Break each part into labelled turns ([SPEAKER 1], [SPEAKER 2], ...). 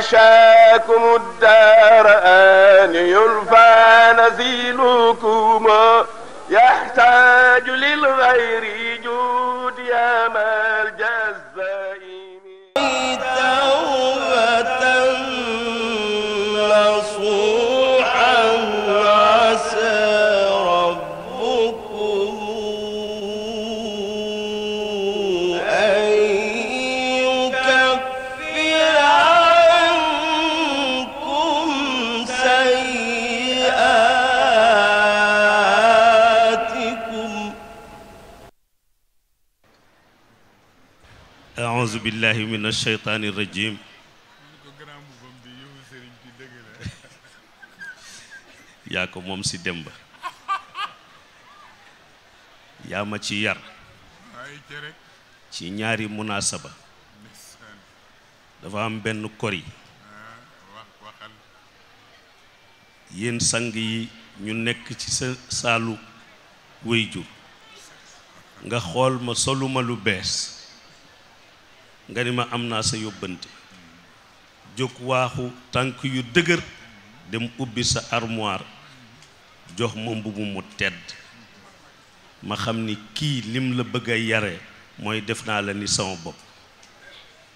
[SPEAKER 1] عشاكم الدار أن يلفى نزيلكما يحتاج للغير
[SPEAKER 2] billahi min alsheytaani rajim yaa ko moom si Demba yaa ma ci yar ci ñaari munaasaba dafa am benn kori yéen sang yi ñu nekk ci sa saalu wéyjur nga xool ma soluma lu bees nga ni ma am naa sa yóbbante jóg waaxu tànk yu dëgër dem ubbi sa armoire jox ma mbubu mu tedd ma xam ni kii lim la bëgg yare mooy def naa la ni sama bopp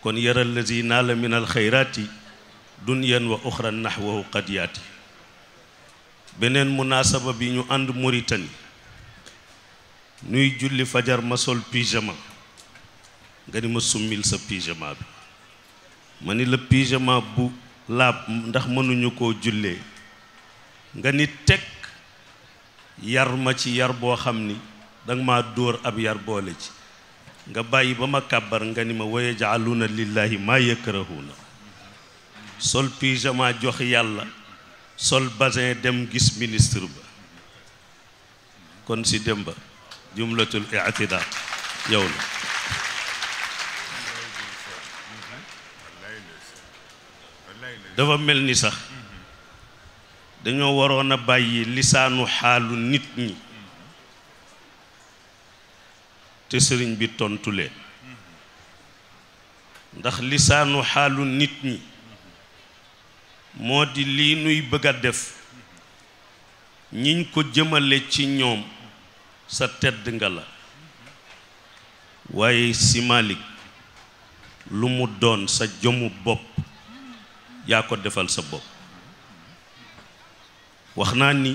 [SPEAKER 2] kon yaral lazi naa la min alxayraati dunyan wa uxra naxwahu qad yaati beneen munaasaba bi ñu ànd Mauritanie nuy julli fajar ma sol pyjama nga ni ma summil sa pyjama bi ma ni la pyjama bu laab ndax mënuñu ko jullee nga nit teg yar ma ci yar boo xam ni danga ma dóor ab yar boole ci nga bàyyi ba ma kàbbar nga ni ma waye na lillaahi maa yakrahuuna sol pyjama jox yàlla sol basin dem gis ministre ba kon si dem ba jumlatul i'tidaal yow la dafa mel ni sax dañoo waroon bàyyi lisaanu xaalu nit ñi te sëriñ bi tontu leen ndax lisaanu xaalu nit ñi moo di lii nuy bëgga def ñiñ ko jëmale ci ñoom sa tedd nga la waaye si lu mu doon sa jomu bopp yaa ko defal sa bopp wax naa ni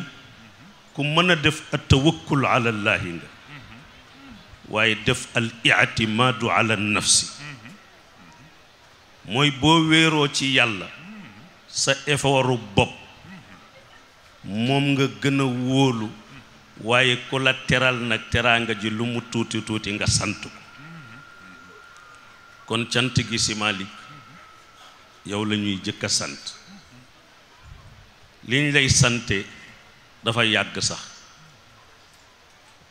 [SPEAKER 2] ku mën a def at tawakkul ala nga waaye def al ictimaadu ala nafsi mooy boo wéeroo ci yàlla sa effortu bopp moom nga gëna wóolu waaye ku la teral nag teraanga ji lu mu tuuti tuuti nga sant ko kon cant gi si yow lañuy jëkk a sant liñ lay sante dafa yàgg sax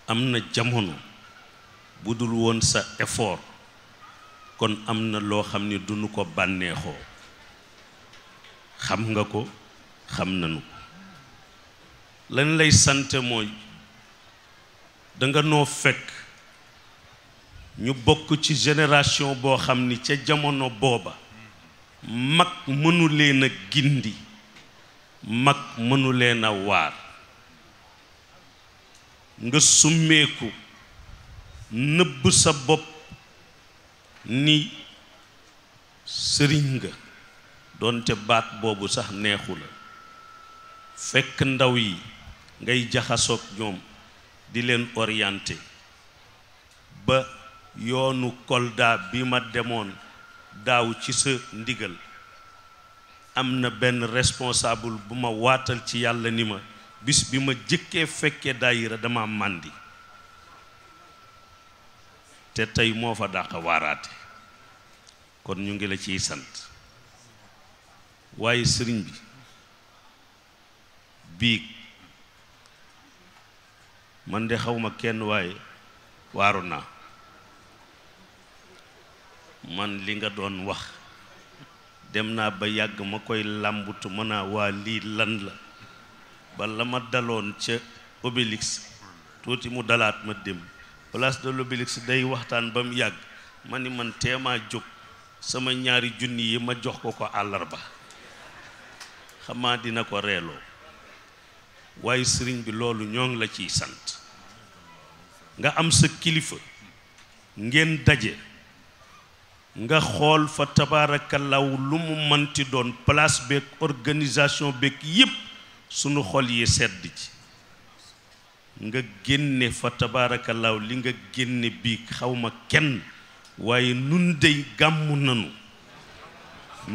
[SPEAKER 2] am na jamono budul woon sa effort kon am na loo xam ni duñu ko bànneexoo xam nga ko xam nañu ko lañ lay sante mooy danga noo fekk ñu bokk ci génération boo xam ni ca jamono booba mag mënu gindi mag mënu leen a waar nga summeeku nëbb sa bopp ni sëriñ nga doonte baat boobu sax neexu la fekk ndaw yi ngay jaxasoog ñoom di leen orienté ba yoonu Kolda bi ma demoon daaw ci sa ndigal am na benn responsaabul bu ma waatal ci yàlla ni ma bis bi ma jëkkee fekkee daayira dama màndi te tey moo fa dàq waaraate kon ñu ngi la ciy sant waaye sëriñ bi biig man de xawma kenn waaye waaru naa man li nga doon wax dem naa ba yàgg ma koy làmbutu mën naa waa lii lan la ba la ma daloon ca Obélix tuuti mu dalaat ma dem place de day waxtaan ba mu yàgg ma ni man teemaa jóg sama ñaari junni yi ma jox ko ko àllarba xamaa dina ko reeloo waaye sëriñ bi loolu ñoo ngi la ciy sant nga am sa kilifa ngeen daje nga xool fa tabaarakallahu lu mu mënti doon palaas beeg organisation beeg yépp sunu xol yi sedd ci nga génne fa tabaarakallahu li nga génne bii xawma kenn waaye nun dey gàmm nanu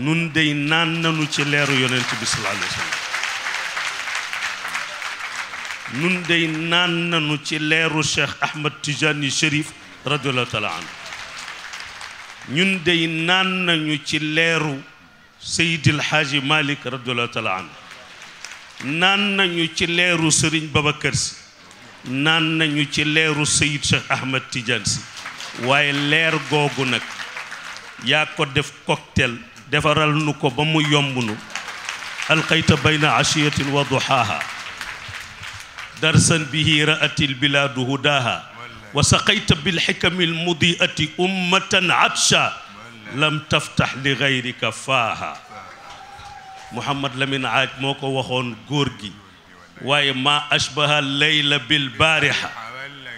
[SPEAKER 2] nun dey naan nanu ci leeru yonent bi sallallahu alayhi wa naan nanu ci leeru cheikh ahmad tijani chérif radiallahu ñun dey naan nañu ci leeru Seydil Haaji Malick radiyallahu taala anhu naan nañu ci leeru Serigne baba Sy naan nañu ci leeru Seyyid Cheikh Ahmed Tidiane Sy waaye leer googu nag yaa ko def cocktail defaral nu ko ba mu yomb nu alqayta bayna ashiyatin wa duhaaha darsan bihi ra'atil bilaadu hudaaha wa saqayta bilxikami almudiati ummatan atsha lam taftax li gayrika faaha Mouhamad Lamine Aaj moo ko waxoon góor gi waaye maa ashbaha layla bilbaariha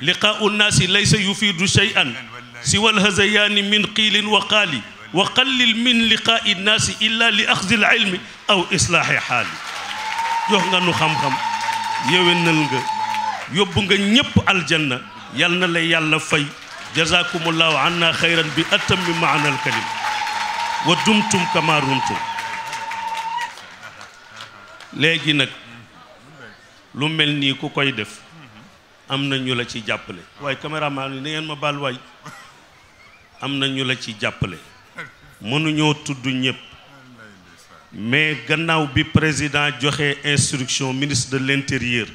[SPEAKER 2] liqaau nnaasi laysa yufiidu cheyan siwa alhazayaani min qiilin wa qaali wa qallil min liqaai nnaasi illa li axzi lilmi aw islaaxi xaali jox nga nu xam-xam yéwénal nga yóbbu nga ñépp aljanna yal na la yàlla fay jazakumullahu anna xayran bi atam mi maana al kalim wa dumtum kama rumtum léegi nag lu mel nii ku koy def am na ñu la ci jàppale waaye caméraman yi na ngeen ma baal waay am na ñu la ci jàppale mënuñoo tudd ñëpp mais gannaaw bi président joxe instruction ministre de l'intérieur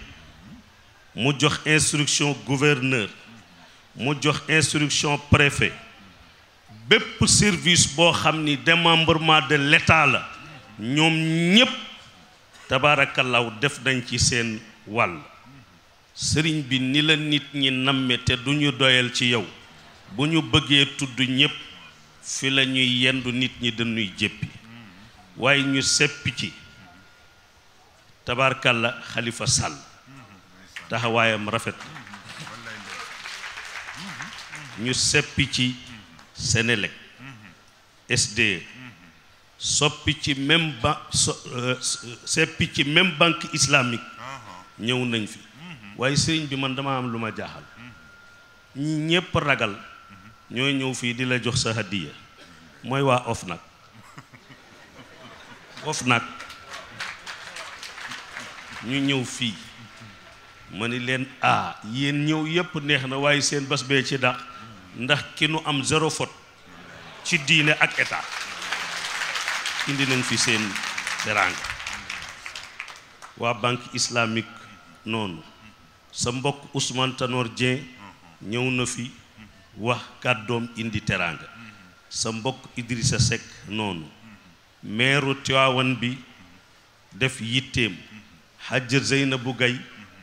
[SPEAKER 2] mu jox instruction gouverneur mu jox instruction préfet bépp service boo xam ni démembrement de l'État la ñoom ñépp tabaarakallaw def nañ ci seen wàll sëriñ bi ni la nit ñi namme te duñu doyal ci yow bu ñu bëggee tudd ñépp fi lañuy yendu nit ñi dañuy jéppi waaye ñu seppi ci tabaarkalla xalifa sàll taxawaayam rafet ñu seppi ci Senelec SDE ci même ba so euh, seppi ci même banque islamique ñëw nañ fi waaye sëriñ bi man dama am lu ma jaaxal ñi ñépp ragal ñooy ñëw fii di la jox sa hadiya mooy waa OFNAC OFNAC ñu ñëw fii ma ni leen a yéen ñëw yépp neex na waaye seen bas bee ci dàq ndax ki nu am zéro faute ci diine ak état indi nañ fi seen teranga waa bank islamik noonu sa mbokk Ousmane Tanor ñëw na fi wax kàddoom indi teranga sa mbokk Idrissa Seck noonu meeru Tiwaawan bi def yitteem xajja bu Gay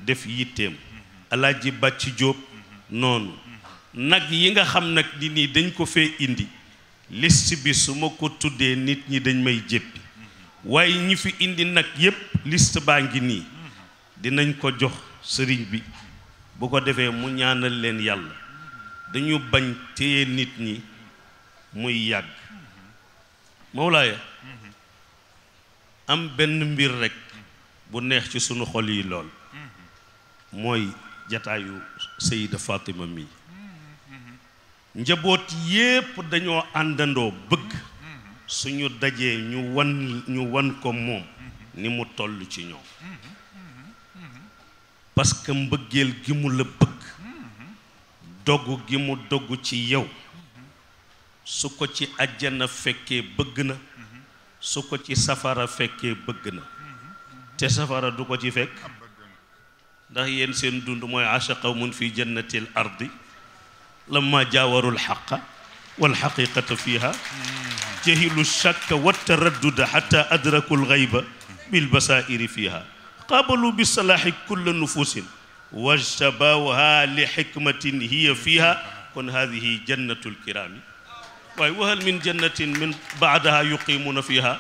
[SPEAKER 2] def yitteem alaaji bàcc jóob noonu nag yi nga xam nag di nii dañ ko fee indi list bi su ma ko tuddee nit ñi dañ may jéppi waaye ñu fi indi nag yépp list baa ngi nii dinañ ko jox sëriñ bi bu ko defee mu ñaanal leen yàlla dañu bañ téye nit ñi muy yàgg mawlaaya am benn mbir rekk bu neex ci sunu xol yi lool mooy jataayu sayida Fatima mi njaboot yépp dañoo àndandoo bëgg suñu dajee ñu wan ñu wan ko moom ni mu tollu ci ñoom parce que mbëggeel gi mu la bëgg dogu gi mu dogu ci yow su ko ci ajjana fekkee bëgg na su ko ci safara fekkee bëgg na te safara du ko ci fekk ndax yéen seen dund mooy aasha qawmun fi jannati l ardi lamma jaawaru lxaqa walxaqiqata fiha jahilu shakka wa taradduda xata adraku lxayba bilbasairi fiha qabalu bisalaaxi kulla nufusin wajtabawha li xikmatin hiya fiha kon hadihi jannatu lkiraami waaye wahal min jannatin min baadaha yuqimuuna fiha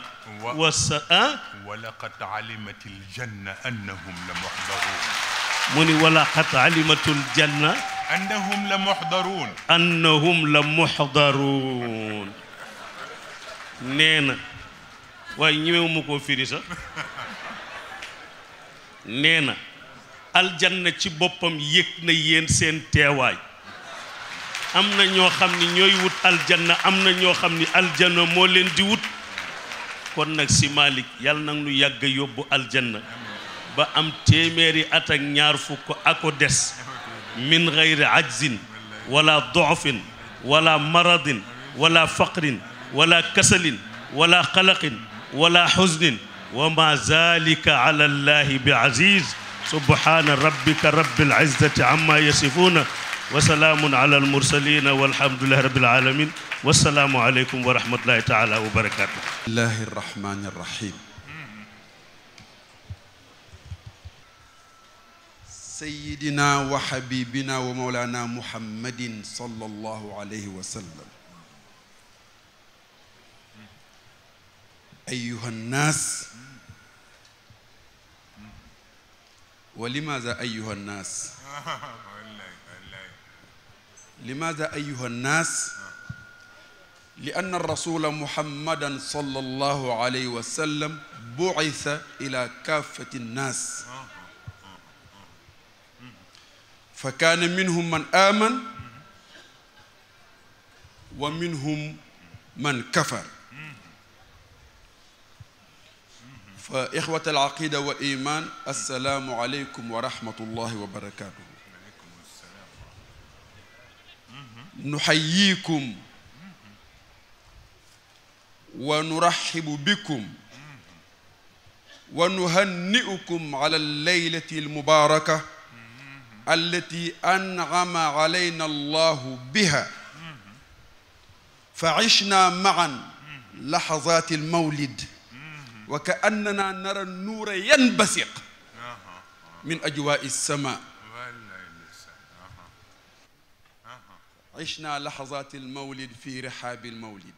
[SPEAKER 2] wa sa ah?
[SPEAKER 3] walaqad alimat aljanna annahum la muxdaruun
[SPEAKER 2] mu ni wala xat alimatul janna
[SPEAKER 3] annahum la muxdaruun
[SPEAKER 2] annahum la muxdaruun nee na waaye ñemewu ma koo firi sax ci boppam yëg na yéen seen teewaay am na ñoo xam ni ñooy wut aljanna am na ñoo xam ni aljanna moo leen di wut kon nag si Malick yàlla nag nu yàgg yóbbu aljanna ba am téeméeri at ak ñaar fukk ako des min gayri ajzin wala doofin wala maradin wala faqrin wala kasalin wala xalaqin wala xusnin wa ma zalika ala allahi bi aziz subhana rabbika rabbil izzati amma yasifuna wa salaamun ala almursalina walhamdulillahi rabbil alamin wassalaamu aleykum wa rahmatullahi taala wa barakatuh
[SPEAKER 1] sayidina wa xabibina wa mawlana muhammadin sallallahu alayhi wa sallam ayuha nnaas wa limaza ayuha nnaas limaza ayuha nnaas li anna rasula muhammadan sallallahu alayhi wa sallam bu'itha ila kaafati nnaas fa kaana minhum man aman wa minhum man kafar fa ixwat alaqida wa iman alsalaamu aleykum wa rahmatullahi wa barakatuhu nuxayiikum wa nuraxibu bikum wa nuhanni'ukum ala alleylati almubaaraka allati an'ama alayna allahu biha fa ishna ma'an lahazati almawlid wa ka'annana nara nuura yanbasiq min ajwaa'i sama عشنا لحظات المولد في رحاب المولد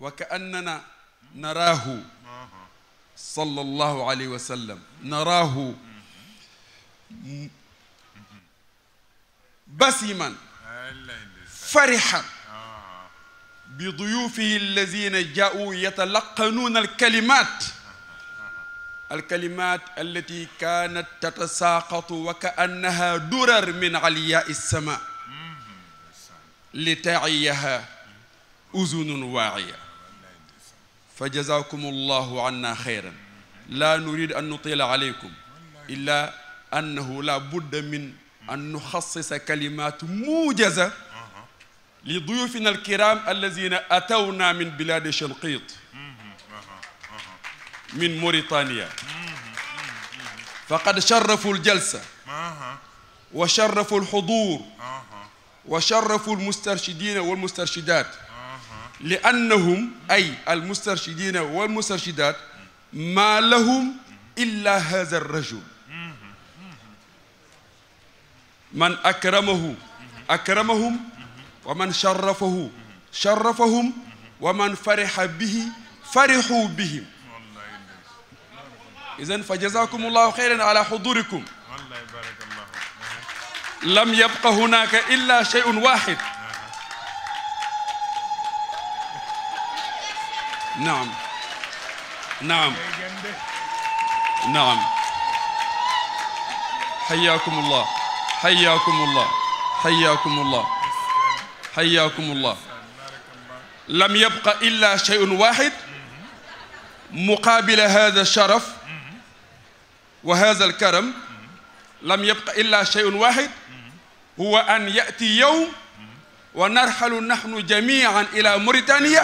[SPEAKER 1] وكأننا نراه صلى الله عليه وسلم نراه basiman farihan bi duyuufihi allazina jaau yatalaqanuuna alkalimat alkalimat allati kanat tatasaaqatu wa ka annaha durar min aliyaa lsama li taiyaha uzunun waaciya fa jazakum allahu anna xayran la nurid an nutila alaykum illa annahu la budda min an nuxassisa kalimaatu muujaza li duyufina alkiram allazina atawna min biladi shanqit min mauritania faqad sharafu aljalsa wa sharafu alxudur wa sharafu almustarshidina walmustarshidat li annahum ay almustarshidina walmustarshidat ma lahum illa haza arrajul man akramahu akramahum wa man sharrafahu sharrafahum wa man fariha bihi farihuu bihim idan fa jazakum allahu xeyran ala xudurikum lam yabqa hunaka illa sheyun waxid naam naam naam xayaakum allah xayaakumullah xayaakumullah xayaakumullah lam yabqa illa shay'un waxid muqaabila hada sharaf wa hada alkaram lam yabqa illa shay'un waxid huwa an yati yowm wa narxalu naxnu jamian ila Mauritania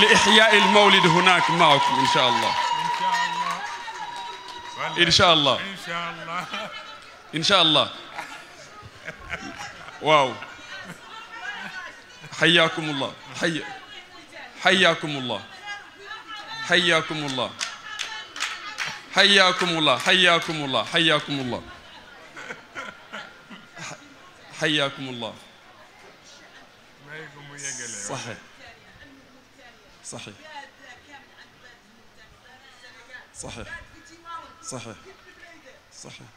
[SPEAKER 1] li ixyaai almawlid hunaak maakum insha allah
[SPEAKER 3] insha allah
[SPEAKER 1] incha allah waaw xayaakumullah xay xayaakumullah xayaakumullah xayaakumullah xayaakumullah xayaakumullah xayaakumullah saxiix saxiix saxiix saxiix saxiix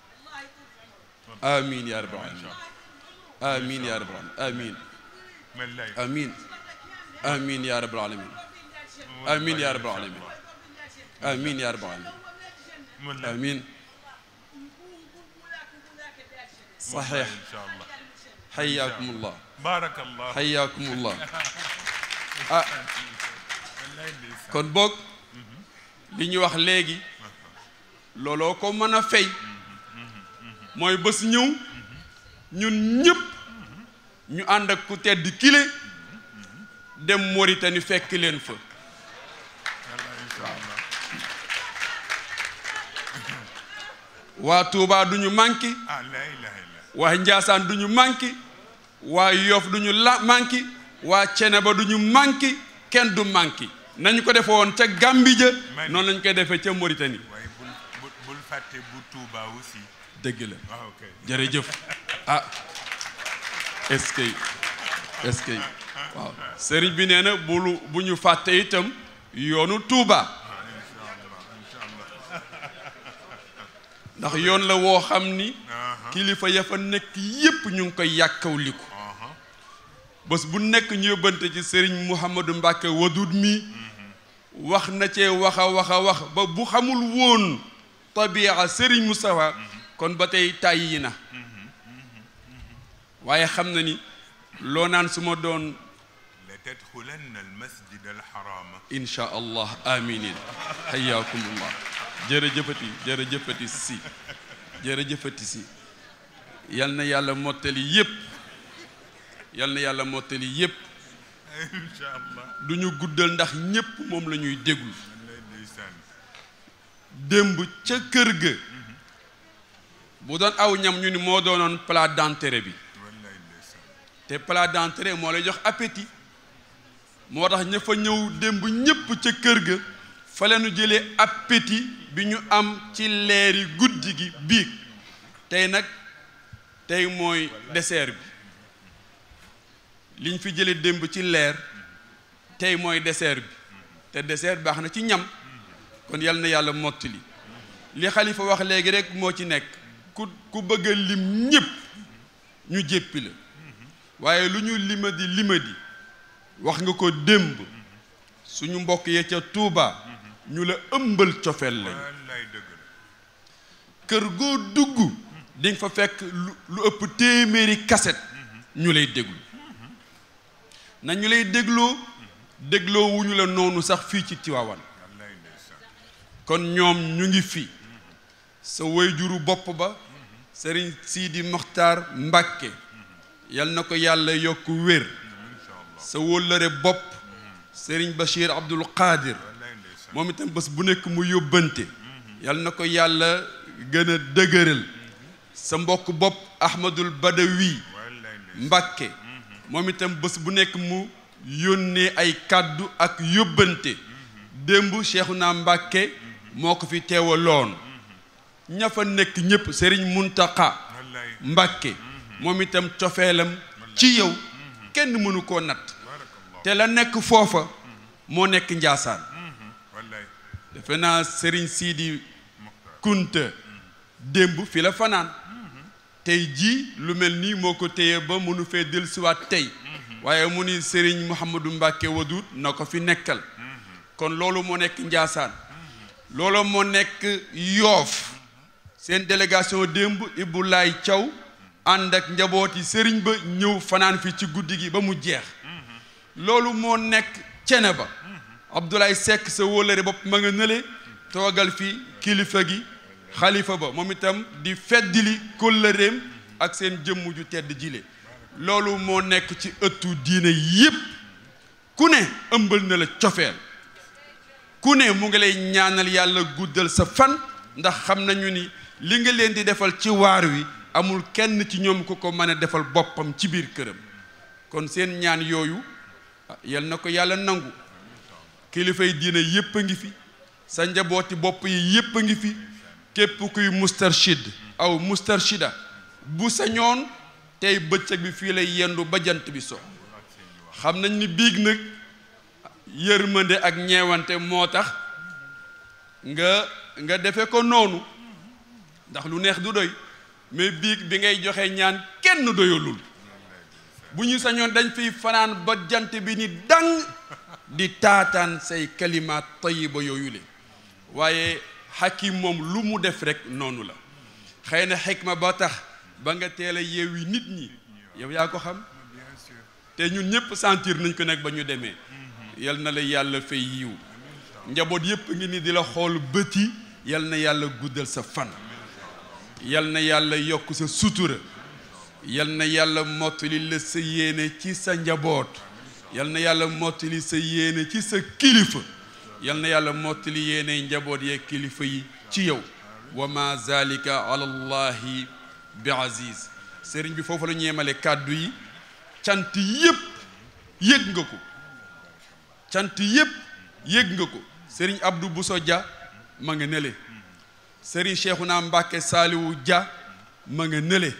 [SPEAKER 1] amiin yaa rabbal aalamiin amiin yaa rabbal aalamiin amiin amiin yaa rabbal aalamiin amiin yaa rabbal aalamiin amiin yaa rabbal
[SPEAKER 3] aalamiin
[SPEAKER 1] amiin saxiix xayaakumullah xayaakumullah
[SPEAKER 3] ah kon boog mhm.
[SPEAKER 1] li ñu wax léegi looloo ko mën a fay mhm. mooy bés ñëw ñun ñëpp ñu ànd ak ku tedd kile dem Mauritanie fekk leen fa waa Touba duñu ah, ñu manqué waa Njaasaan duñu ñu manqué waa Yof du ñu la manqué waa Ceneba ba duñu manqué kenn du manqué nañu ko defe woon ca Gambie ja noonu lañu koy defee ca Mauritanie
[SPEAKER 3] waaye bul fàtte bu Touba dëgg la ah, jërëjëf
[SPEAKER 1] ah est-ce waaw sëriñ bi nee na bu ñu fàtte itam yoonu Tuuba ndax yoon la woo xam ni kilifa ya fa nekk yépp ñu ngi koy yàkkawliku bés bu nekk ñu yóbbante ci sëriñ Mouhamadou Mbacke Wadoud mi mhm. wax na cee wax a wax a ba bu xamul woon tabiaa sëriñ Moustapha mhm. kon ba tey tàyyi na waaye xam na ni loo naan su ma doon
[SPEAKER 3] la tadxulanna al masjid al haram
[SPEAKER 1] insha allah aminin hayyakumullah jërëjëfati jërëjëfati si jërëjëfati si yal na yàlla mottali yépp yal na yàlla mottali yépp
[SPEAKER 3] insha allah
[SPEAKER 1] du ñu guddal ndax ñépp moom la ñuy démb ca kër ga bu doon aw ñam ñu ni moo doonoon plat d'entrée bi te plat d'entrée moo lay jox appétit moo tax ña fa ñëw démb ñépp ca kër ga fa la ñu jëlee appétit bi ñu am ci leeri guddi gi biig tey nag tey mooy dessert bi liñ fi jële démb ci leer tey mooy dessert bi te dessert baax na ci ñam kon yal na yàlla mott mottali li xalifa wax léegi rek moo ci nekk ku ku bëgg a lim ñépp ñu jéppi la waaye lu ñu limadi limadi wax nga ko démb suñu mbokk yee ca Touba ñu la ëmbal cofeel
[SPEAKER 3] lañu
[SPEAKER 1] kër goo dugg di nga fa fekk lu ëpp téeméeri kaset ñu lay déglu na ñu lay dégloo dégloo wu ñu la noonu sax fii ci Tiwaawan kon ñoom ñu ngi fi sa wayjuru bopp ba sëriñ siidi Mokhtar Mbacke yal na ko yàlla yokk wér sa wóllëre bopp sëriñ Bachir Abdoul Qadir moom itam bés bu nekk mu yóbbante yal na ko yàlla gën a sa mbokk bopp Ahmadul Badawi Mbacke moom itam bés bu nekk mu yónnee ay kàddu ak yóbbante démb Cheikhouna Mbacke moo ko fi teewaloon ña fa nekk ñépp sëriñ Mountakha Mbacké mm-hmm. moom itam cofeelam ci yow mm-hmm. kenn mënu koo natt te la nekk foofa mm-hmm. moo nekk Njaasaan defe naa Serigne Sidi Kunta démb fi la fanaan tey jii lu mel nii moo ko téye ba mënu fee dellusiwaat tey waaye mu ni Serigne Mouhamadou Mbacké Wadoud na ko fi nekkal kon loolu moo nekk Njaasaan loolu moo nekk Yoof seen délégation démb Ibou Laye Thiaw ànd ak njabooti sëriñ ba ñëw fanaan fi ci guddi gi ba mu jeex mm-hmm. loolu moo nekk cene ba mm-hmm. Abdoulaye sekk sa wóolare bopp ma nga nële toogal fi kilifa gi xalifa ba moom itam di feddili kóllëreem ak seen jëmm ju tedd jile loolu moo nekk ci ëttu diine yépp ku ne ëmbal na la cofeel ku ne mu ngi lay ñaanal yàlla guddal sa fan ndax xam nañu ni li nga leen di defal ci waar wi amul kenn ci ñoom ku ko mën a defal boppam ci biir këram kon seen ñaan yooyu ah, yal na ko yàlla nangu kilifay diina yépp a ngi fi sa njabooti bopp yi yépp a ngi fi képp kuy mustarshid aw mustarshida bu sañoon tey bëccëg bi fii lay yendu ba jant bi so xam nañ ni biig nag yërmande ak ñeewante moo tax nga nga defe ko noonu ndax lu neex du doy mais biig bi ngay joxe ñaan kenn doyalul bu ñu sañoon dañ fiy fanaan ba jant bi ni dang di taataan say kalimaat ba yooyu le waaye xakim moom lu mu def rek noonu la xëy na xikma ba tax ba nga teel a yi nit ñi yow yaa ko xam te ñun ñëpp sentir nañ ko nekk ba ñu demee yal na la yàlla fay yiw njaboot yëpp ngi ni di la xool bëti yal na yàlla guddal sa fan yal na yàlla yokk sa sutura yal na yàlla mottali la sa yéene ci sa njaboot yal na yàlla mottali sa yéene ci sa kilifa yal na yàlla mottali yéene njaboot yeeg kilifa yi ci yow wa ma zalika ala bi aziz sëriñ bi foofu la ñu kàddu yi cant yëpp yég nga ko cant yëpp yëg nga ko sëriñ Abdou Bousso Dia ma nga nele sëriñ naa Mbacke Saliou Dia ma nga nële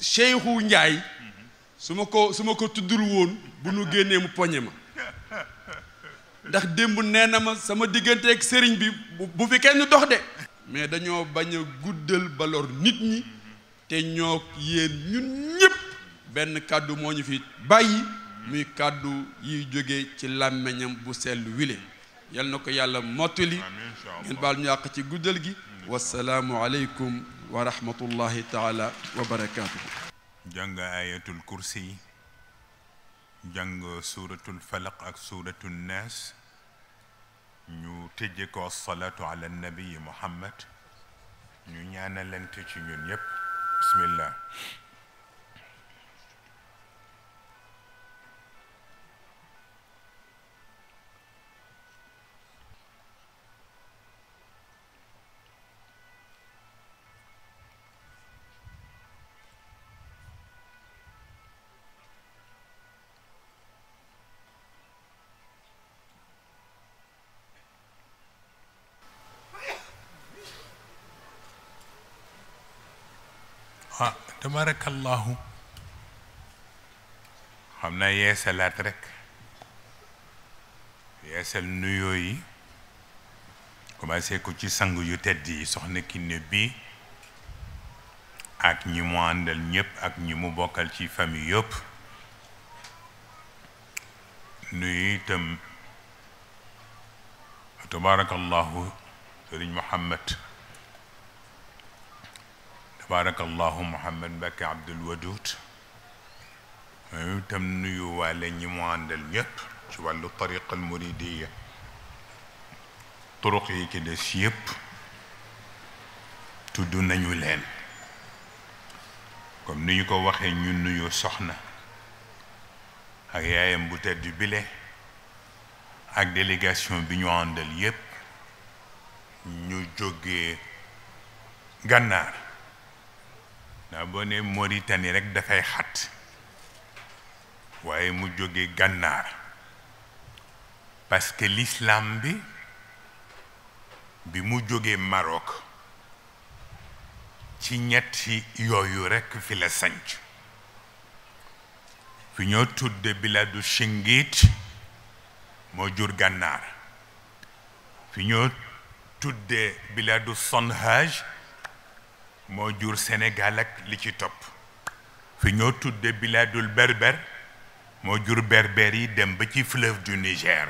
[SPEAKER 1] Cheikhou njaay su ma ko su ma ko tuddul woon bu nu génnee mu poñe ma ndax démb nee na ma sama diggante ak sëriñ bi bu fi kenn dox de mais dañoo bañ a guddal balor nit ñi te ñoo yéen ñun ñëpp benn kàddu moo ñu fi bàyyi muy kàddu yi jóge ci làmmiñam bu sell wile yal na ko yàlla mottali ngeen baal ñu àq ci guddal gi wasalaamu aleykum wa rahmatullahi taala wa barakaatuhu
[SPEAKER 3] jàng ayatul kursi jàng suuratul falaq ak suuratu naas ñu tëjje ko asalaatu ala nabii muhammad ñu ñaanalante ci ñun yépp bismillah tabarakallahu xam naa yeesalaat rek yeesal nuyoo yi commencé ko ci sang yu tedd yi soxna Kiné bi ak ñi mu àndal ñépp ak ñi mu bokkal ci famille yëpp nuyu itam tabarakallahu sëriñ Muhammad tabarakallahu Mouhamed Mbacke Abdoul Wadoud moom itam nuyu waale ñi mu àndal ñëpp ci wàllu tariqal muridiya turuq yi ci des yëpp tudd nañu leen comme ni ñu ko waxee ñu nuyu soxna ak yaayam bu tedd bile ak délégation bi ñu àndal yëpp ñu jógee gànnaar ndax boo ne Mauritanie rek dafay xat waaye mu jóge gànnaar parce que l'islam bi bi mu jógee Maroc ci ñetti yooyu rekk fi la sanc fi ñoo tudde biladu Chinguit moo jur gànnaar fi ñoo tudde biladu Sonhaj moo jur senegal ak li ci topp fi ñoo tudd biladul berber moo jur berber yi dem ba ci fleuve du Niger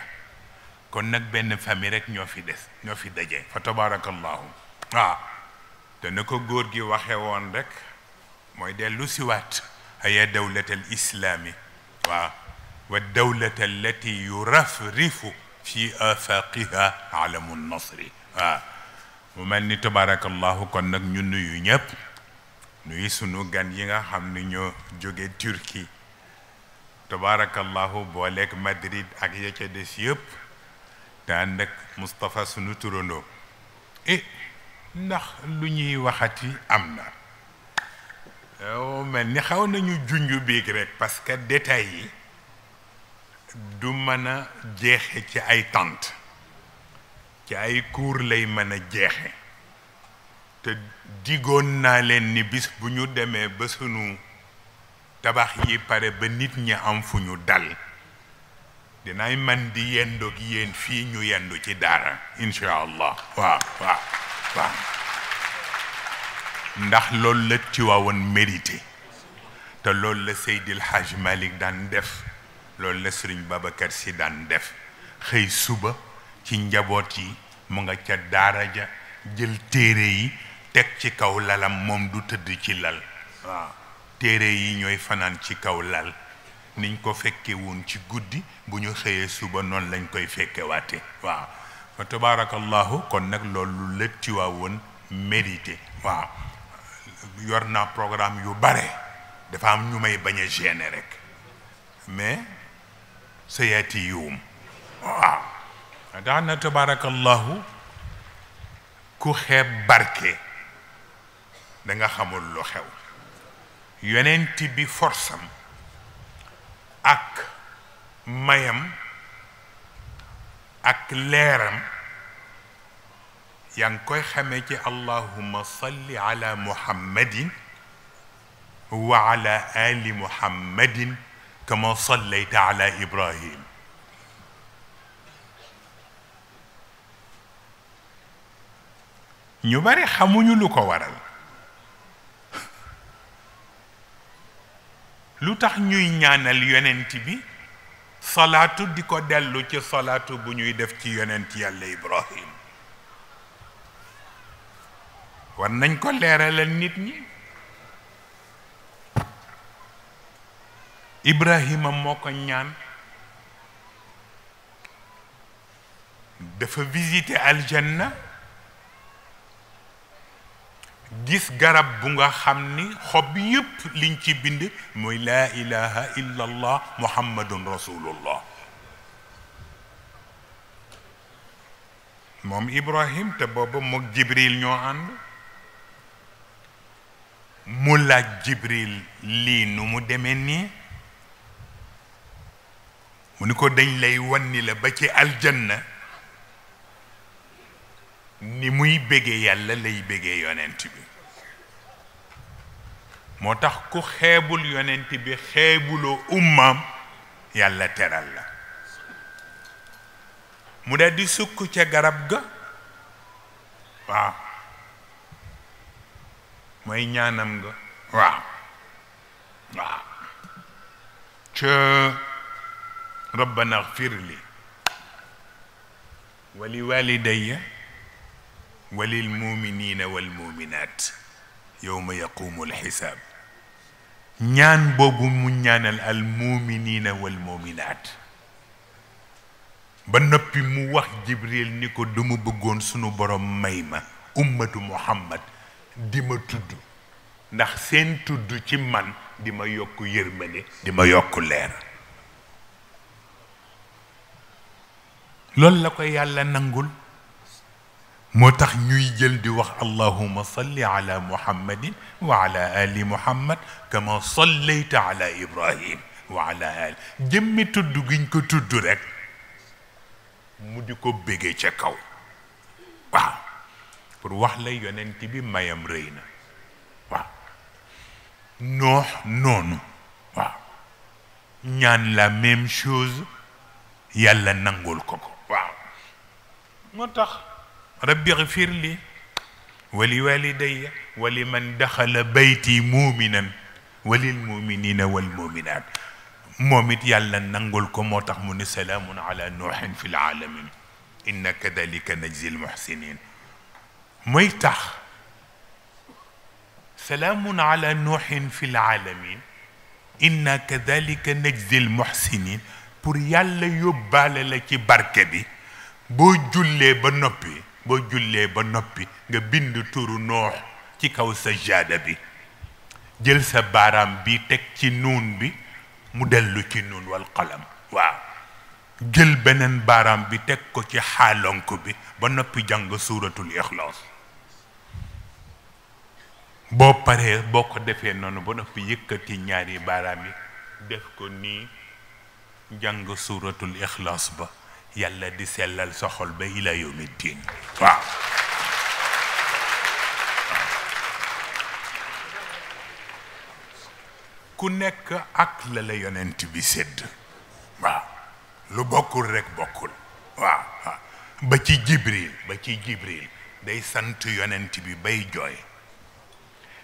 [SPEAKER 3] kon nag benn famille rek ñoo fi des ñoo fi daje fa tabarakallahu waaw ah, te na ko góor gi waxe woon rek mooy dellu siwaat haya dawlata al islaami waaw wa dawlata allati yurafrifu fi afaqiha alamu nasri ah. mu mel ni tabarakallahu kon nag ñu nuyu ñëpp nuyu sunu gan yi nga xam ni ñoo jóge Turquie tabarakallahu booleeg Madrid ak ya ca des yëpp te ànd ak Moustapha sunu turandoo eh ndax lu ñuy waxati am na mel ni xaw nañu junju biig rek parce que détails yi du mën a jeexe ci ay tànt ci ay kuur lay mën a jeexe te digoon naa leen ni bis bu ñu demee ba sunu tabax yi pare ba nit ñi am fu ñu dal dinay man di yendoog yéen fii ñu yendu ci daara incha allah waaw waaw waaw ndax loolu la ci waawoon mérité te loolu la Seydil Hadj Malick daan def loolu la Serigne Babacar Sy daan def xëy suba ci njaboot yi mu nga ca daara ja jël téere yi teg ci kaw lalam moom du tëdd ci lal waaw téere yi ñooy fanaan ci kaw lal niñ ko fekke woon ci guddi bu ñu xëyee suba noonu lañ koy fekke waate waaw fa tabaarakallahu kon nag loolu la Tiwaawoon mérité waaw yor naa programme yu bare dafa am ñu may bañ a gêner rek mais sayaati yiwum waaw daana tabaarakallahu ku xeeb barke danga xamul lu xew yonent bi forsam ak mayam ak leeram yaa ngi koy xamee ci allahuma salli ala muhammadin wa ala ali muhammadin kama sallayta ala ibrahim ñu bari xamuñu lu ko waral lu tax ñuy ñaanal yonent bi salaatu di ko dellu ci salaatu bu ñuy def ci yonent yàlla Ibrahim war nañ ko leeralal nit ñi Ibrahima moo ko ñaan dafa visiter aljanna gis garab bu nga xam ni xob yépp liñ ci bind mooy laa ilaha illa allah rasulullah moom ibrahim te booba mook jibril ñoo ànd mu laaj jibril lii nu mu deme nii mu ni ko dañ lay wanni la ba ci aljanna ni muy béggee yàlla lay béggee yonent bi moo tax ku xeebul yonent bi xeebuloo ummaam yàlla teral la mu dal di sukk ca garab ga waaw mooy ñaanam ga waaw waaw ca rabbana agfir li wa li walidayya wa lil muminina wal muminat yowma yaqumu alxisaab ñaan boobu mu ñaanal al muminina wal muminaat ba noppi mu wax jibril ni ko duma bëggoon sunu borom may ma ummatu muhammad di ma tudd ndax seen tudd ci man di ma yokk yërmande di ma yokk leer loolu la ko yàlla nangul moo tax ñuy jël di wax allahuma ma ala muhammadin wa ala ali muhammad kama sallayta ala ko tudd rek mu di ko bégee ca kaw waaw pour wax la yonent bi mayam rëy na waaw noox noonu waaw ñaan la même chose yàlla nangul ko ko moo tax rabbi xfir li wali walidayya wali man daxala bayti muuminan walil muminina wal muminat moom it yàlla nangul ko moo tax mu ne salaamun ala nuuxin fi laalamin inna kadalika najzi lmuxsinin mooy tax salaamun ala nuuxin fi laalamin inna kadalika najzi lmuxsinin pour yàlla yóbbaale la ci barke bi boo jullee ba noppi boo jullee ba noppi nga bind turu noox ci kaw sa jaada bi jël sa baaraam bi teg ci nuun bi mu dellu ci nuun wal qalam waaw jël beneen baaraam bi teg ko ci xaalonk bi ba noppi jàng suuratul ixlaas boo paree boo ko defee noonu ba noppi yëkkati ñaari baaraam yi def ko nii jàng suuratul ixlaas ba yàlla di sellal sa xol ba ila yawmi diin waaw ku nekk ak la la yonent bi sédd waaw lu bokkul rekk bokkul waaw ba ci jibril ba ci jibril day sant yonent bi bay jooy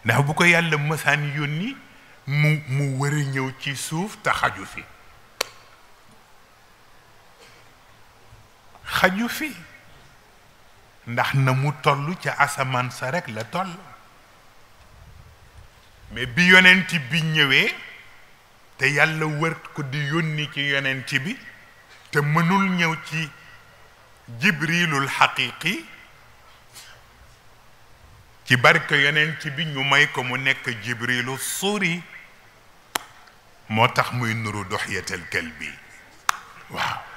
[SPEAKER 3] ndax bu ko yàlla mësaan yónni mu mu war a ñëw ci suuf te xaju fi xaju fi ndax na mu tollu ca asamaan sa rekk la toll mais bi yonenti bi ñëwee te yàlla wër ko di yónni ci yonent bi te mënul ñëw ci jibrilul xaqiqi ci barke yonent bi ñu may ko mu nekk jibrilu suuri moo tax muy nuru doxyatal kalbi waaw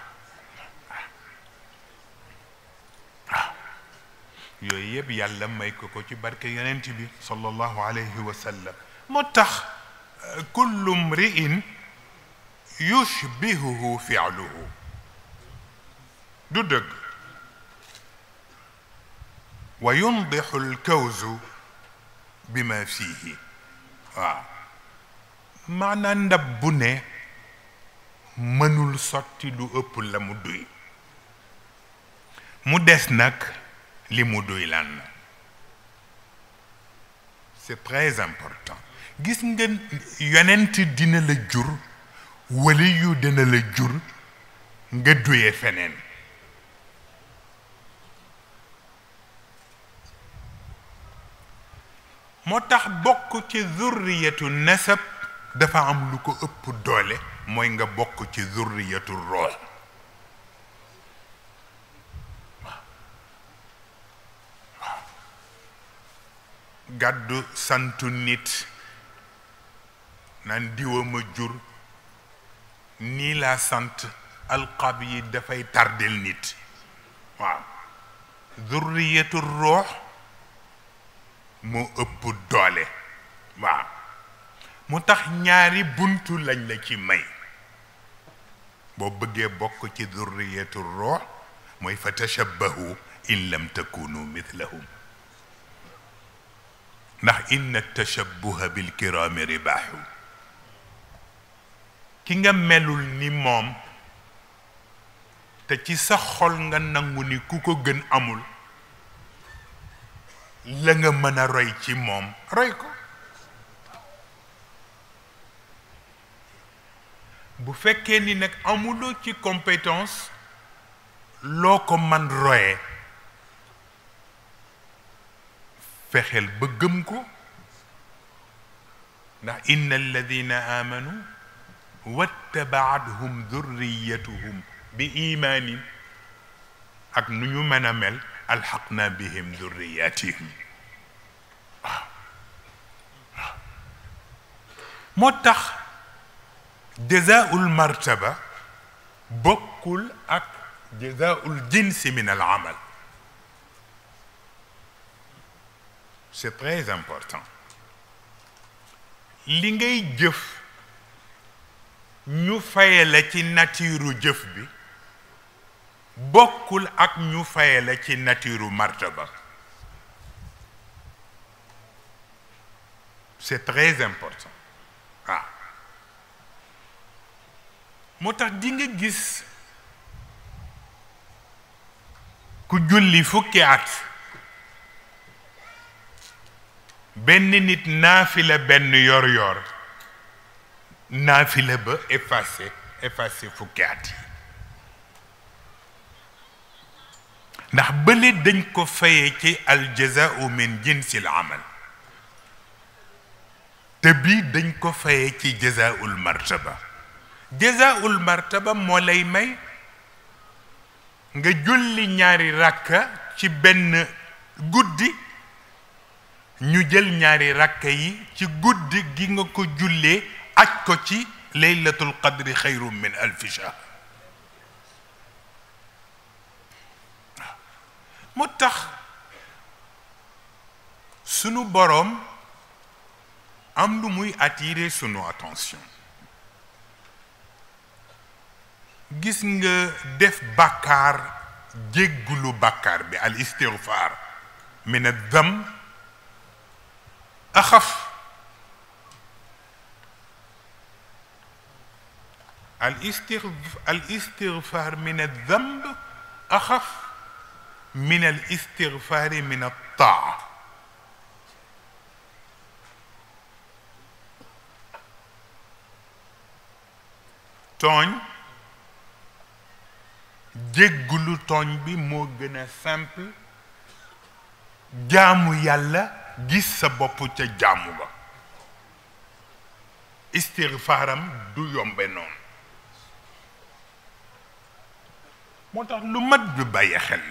[SPEAKER 3] yooyu yëpp yàlla may ko ko ci barke yonent bi sallallahu alayhi wa sallam moo tax euh, kullu mri'in yushbihuhu fi'luhu du dëgg wa yundixu alkawsu bima fiihi waaw maanaa ndab bu ne mënul sotti lu ëpp la mu duy mu des nag li mu duy lan la c'est très important gis nga yonent dina la jur wali yu dina la jur nga duyee feneen moo tax bokk ci zurriyatu nasab dafa am lu ko ëpp doole mooy nga bokk ci zurriyatu rool gàddu santu nit naan diwa ma jur nii laa sant alqab yi dafay tardel nit waaw zurriyatu ruux moo ëpp doole waaw mu tax ñaari buntu lañ la ci may boo bëggee bokk ci zurriyatu ruux mooy fa tashabbahu in lam takunu mithlahum ndax inna tashabbuha bil kiraami ribaahu ki nga melul ni moom te ci sa xol nga nangu ni ku ko gën amul la nga mën a roy ci moom roy ko bu fekkee ni nag amuloo ci compétence loo ko man royee fexeel ba gëm ko ndax inna alladina amanu wattabaatuhum durriyatuhum bi imaanin ak nu ñu mën a mel alxaqna bihim durriyatihim waaw waaw moo tax jazaul martaba bokkul ak jazaul jinsi min al amal c'est très important li ngay jëf ñu faye la ci natiiru jëf bi bokkul ak ñu faye la ci natiiru martaba c'est très important ah moo tax di nga gis ku julli fukki at benn nit naafila benn yor yor naafila ba effacé effacé fukki at yi ndax bële dañ ko fayee ci aljazaau min jinsil amal te bii dañ ko fayee ci jazaul martaba jazaul martaba moo lay may nga julli ñaari ràkka ci benn guddi ñu jël ñaari ràkk yi ci guddi gi nga ko jullee aj ko ci laylatul qadri xayrum min alfi shahr mu tax sunu boroom am lu muy attirer sunu attention gis nga def bàkkaar jéggulu bàkkaar bi al istighfar min ad-dam أخف الاستغفار من الذنب أخف من الاستغفار من الطاعة tooñ jéggulu tooñ bi moo gën a simple jaamu yàlla gis sa bopp ca jaamu ba istigfaaram du yombe noonu moo tax lu mat bi bàyyi xel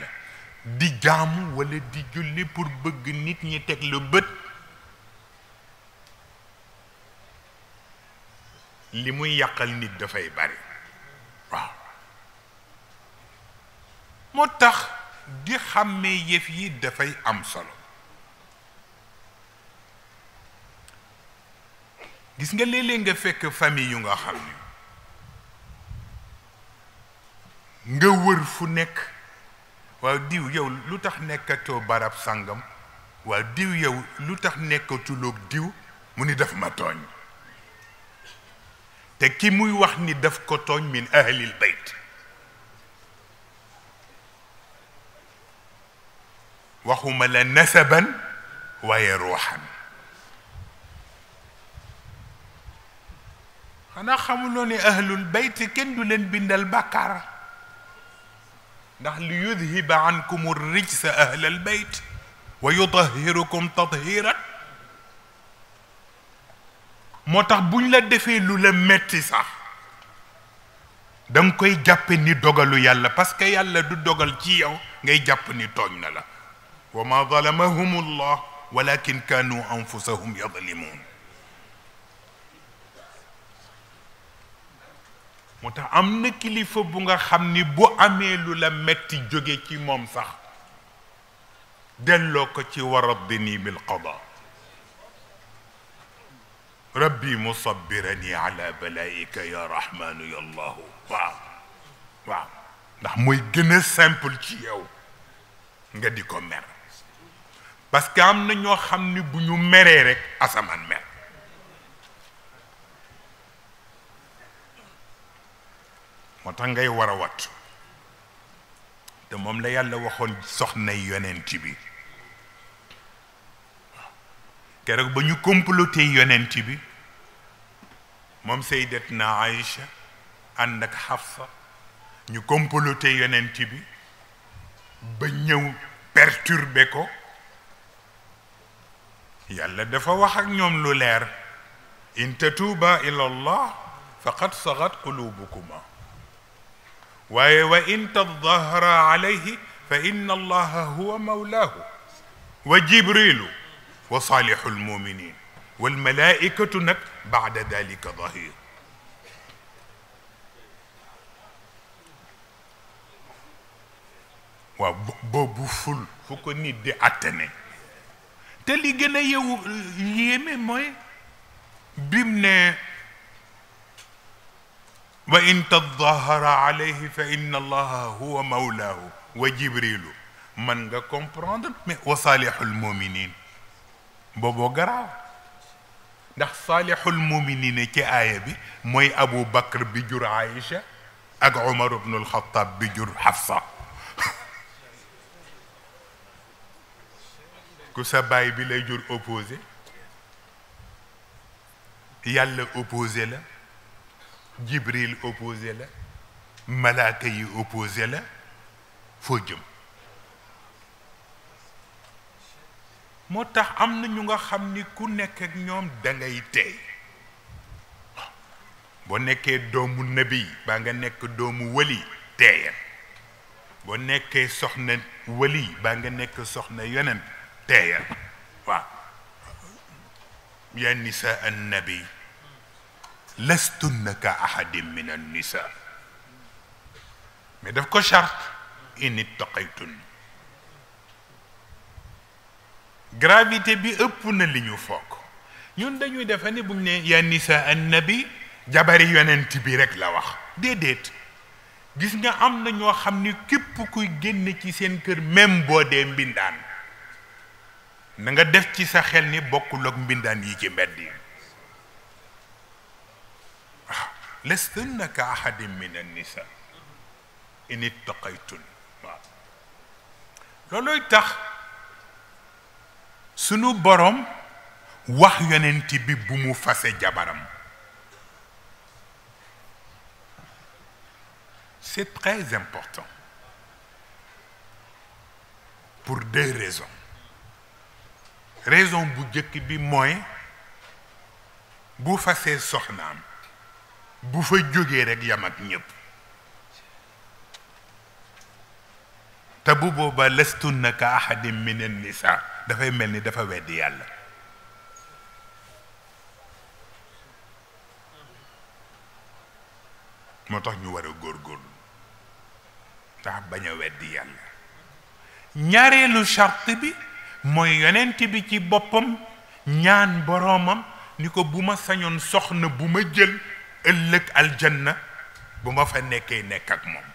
[SPEAKER 3] di jaamu walla di julli pour bëgg nit ñi teg lu bët li muy yàqal nit dafay bari waaw moo tax di xàmmee yëf yi dafay am solo gis nga léeg-léeg nga fekk famille yu nga xam ne nga wër fu nekk waaw diw yow lu tax nekkatoo barab sàngam waaw diw yow lu tax nekkatuloog diw mu ni daf ma tooñ te ki muy wax ni daf ko tooñ min ahlil bayt waxuma la nasaban waaye ruuxan xanaa xamuloo ne ahlul bayt kenn du leen bindal bàkkaar ndax li yudhiba ankum rijsa ahlal bayt wa yutahirukum tathiran moo tax buñ la defee lu la metti sax danga koy jàppe ni dogalu yàlla parce que yàlla du dogal ci yow ngay jàpp ni tooñ na la wa ma zalamahum allah walakin kanu anfusahum yadlimun moo tax am na kilifa bu nga xam ni bu amee lu la metti jóge ci moom sax delloo ko ci waraddini bil qada rabbi musabbirani ala balaika ya ndax mooy gën a simple ci yow nga di ko mer parce am na ñoo xam ni bu ñu mere rek asamaan mer moo tax ngay war a wattu te moom la yàlla waxoon soxnay yonent bi keroog ba ñu comploté yonent bi moom naa Aïcha ànd ak Hafsa ñu comploté yonent bi ba ñëw perturbé ko yàlla dafa wax ak ñoom lu leer in tatuuba ila allah faqad sagat qulubukuma waaye wa in tadahara alayhi fa inna allaha huwa mawlaahu wa jibrilu wa saalihu almuminin walmalaikatu nag baada dalika dahir waaw boobu ful fu ko nit di attane te li gën a yewu yéeme mooy bim ne wa in tadahara alayhi fa inna allaha huwa mawlaahu wa jibrilu man nga comprendre mais wa saalihul muminin booboo garaaw ndax saalihul muminin ci aaya bi mooy abou bakr bi jur aïcha ak omar ibnu alxataab bi jur xafsa ku sa baay bi lay jur opposé yàlla opposé la jibril opposé la malaaka yi opposé la foo jëm moo tax am na ñu nga xam ni ku nekk ak ñoom dangay teey boo nekkee doomu nabi baa nga nekk doomu wali teeyal boo nekkee soxna wali baa nga nekk soxna yeneen teeyal waaw yaa nisaa an lastunna ka ahadin min annisa mais daf ko charte in ittaqaytun gravité bi ëpp na li ñu fokk ñun dañuy defe ni buñ ne yaa nisa annabi jabari yonent bi rekk la wax déedéet gis nga am na ñoo xam ni képp kuy génne ci seen kër mem boo dee mbindaan na nga def ci sa xel ni bokkul ak mbindaan yi ci mbedd yi lastunna ka ahadin min annisa in ittaqaytun waaw looluy tax sunu boroom wax yonent bi bu mu fase jabaram c'est très important pour deux raisons raison bu jëkk bi mooy bu fasee soxnaam bu fa jógee rekk yam ak ñépp te bu boobaa lastunna ka ahadin min annisa dafay mel ni dafa weddi yàlla moo tax ñu war a góor ndax bañ a weddi yàlla ñaareelu charte bi mooy yonent bi ci boppam ñaan boroomam ni ko bu ma sañoon soxna bu ma jël ëllëg aljanna bu ma fa nekkee nekk ak moom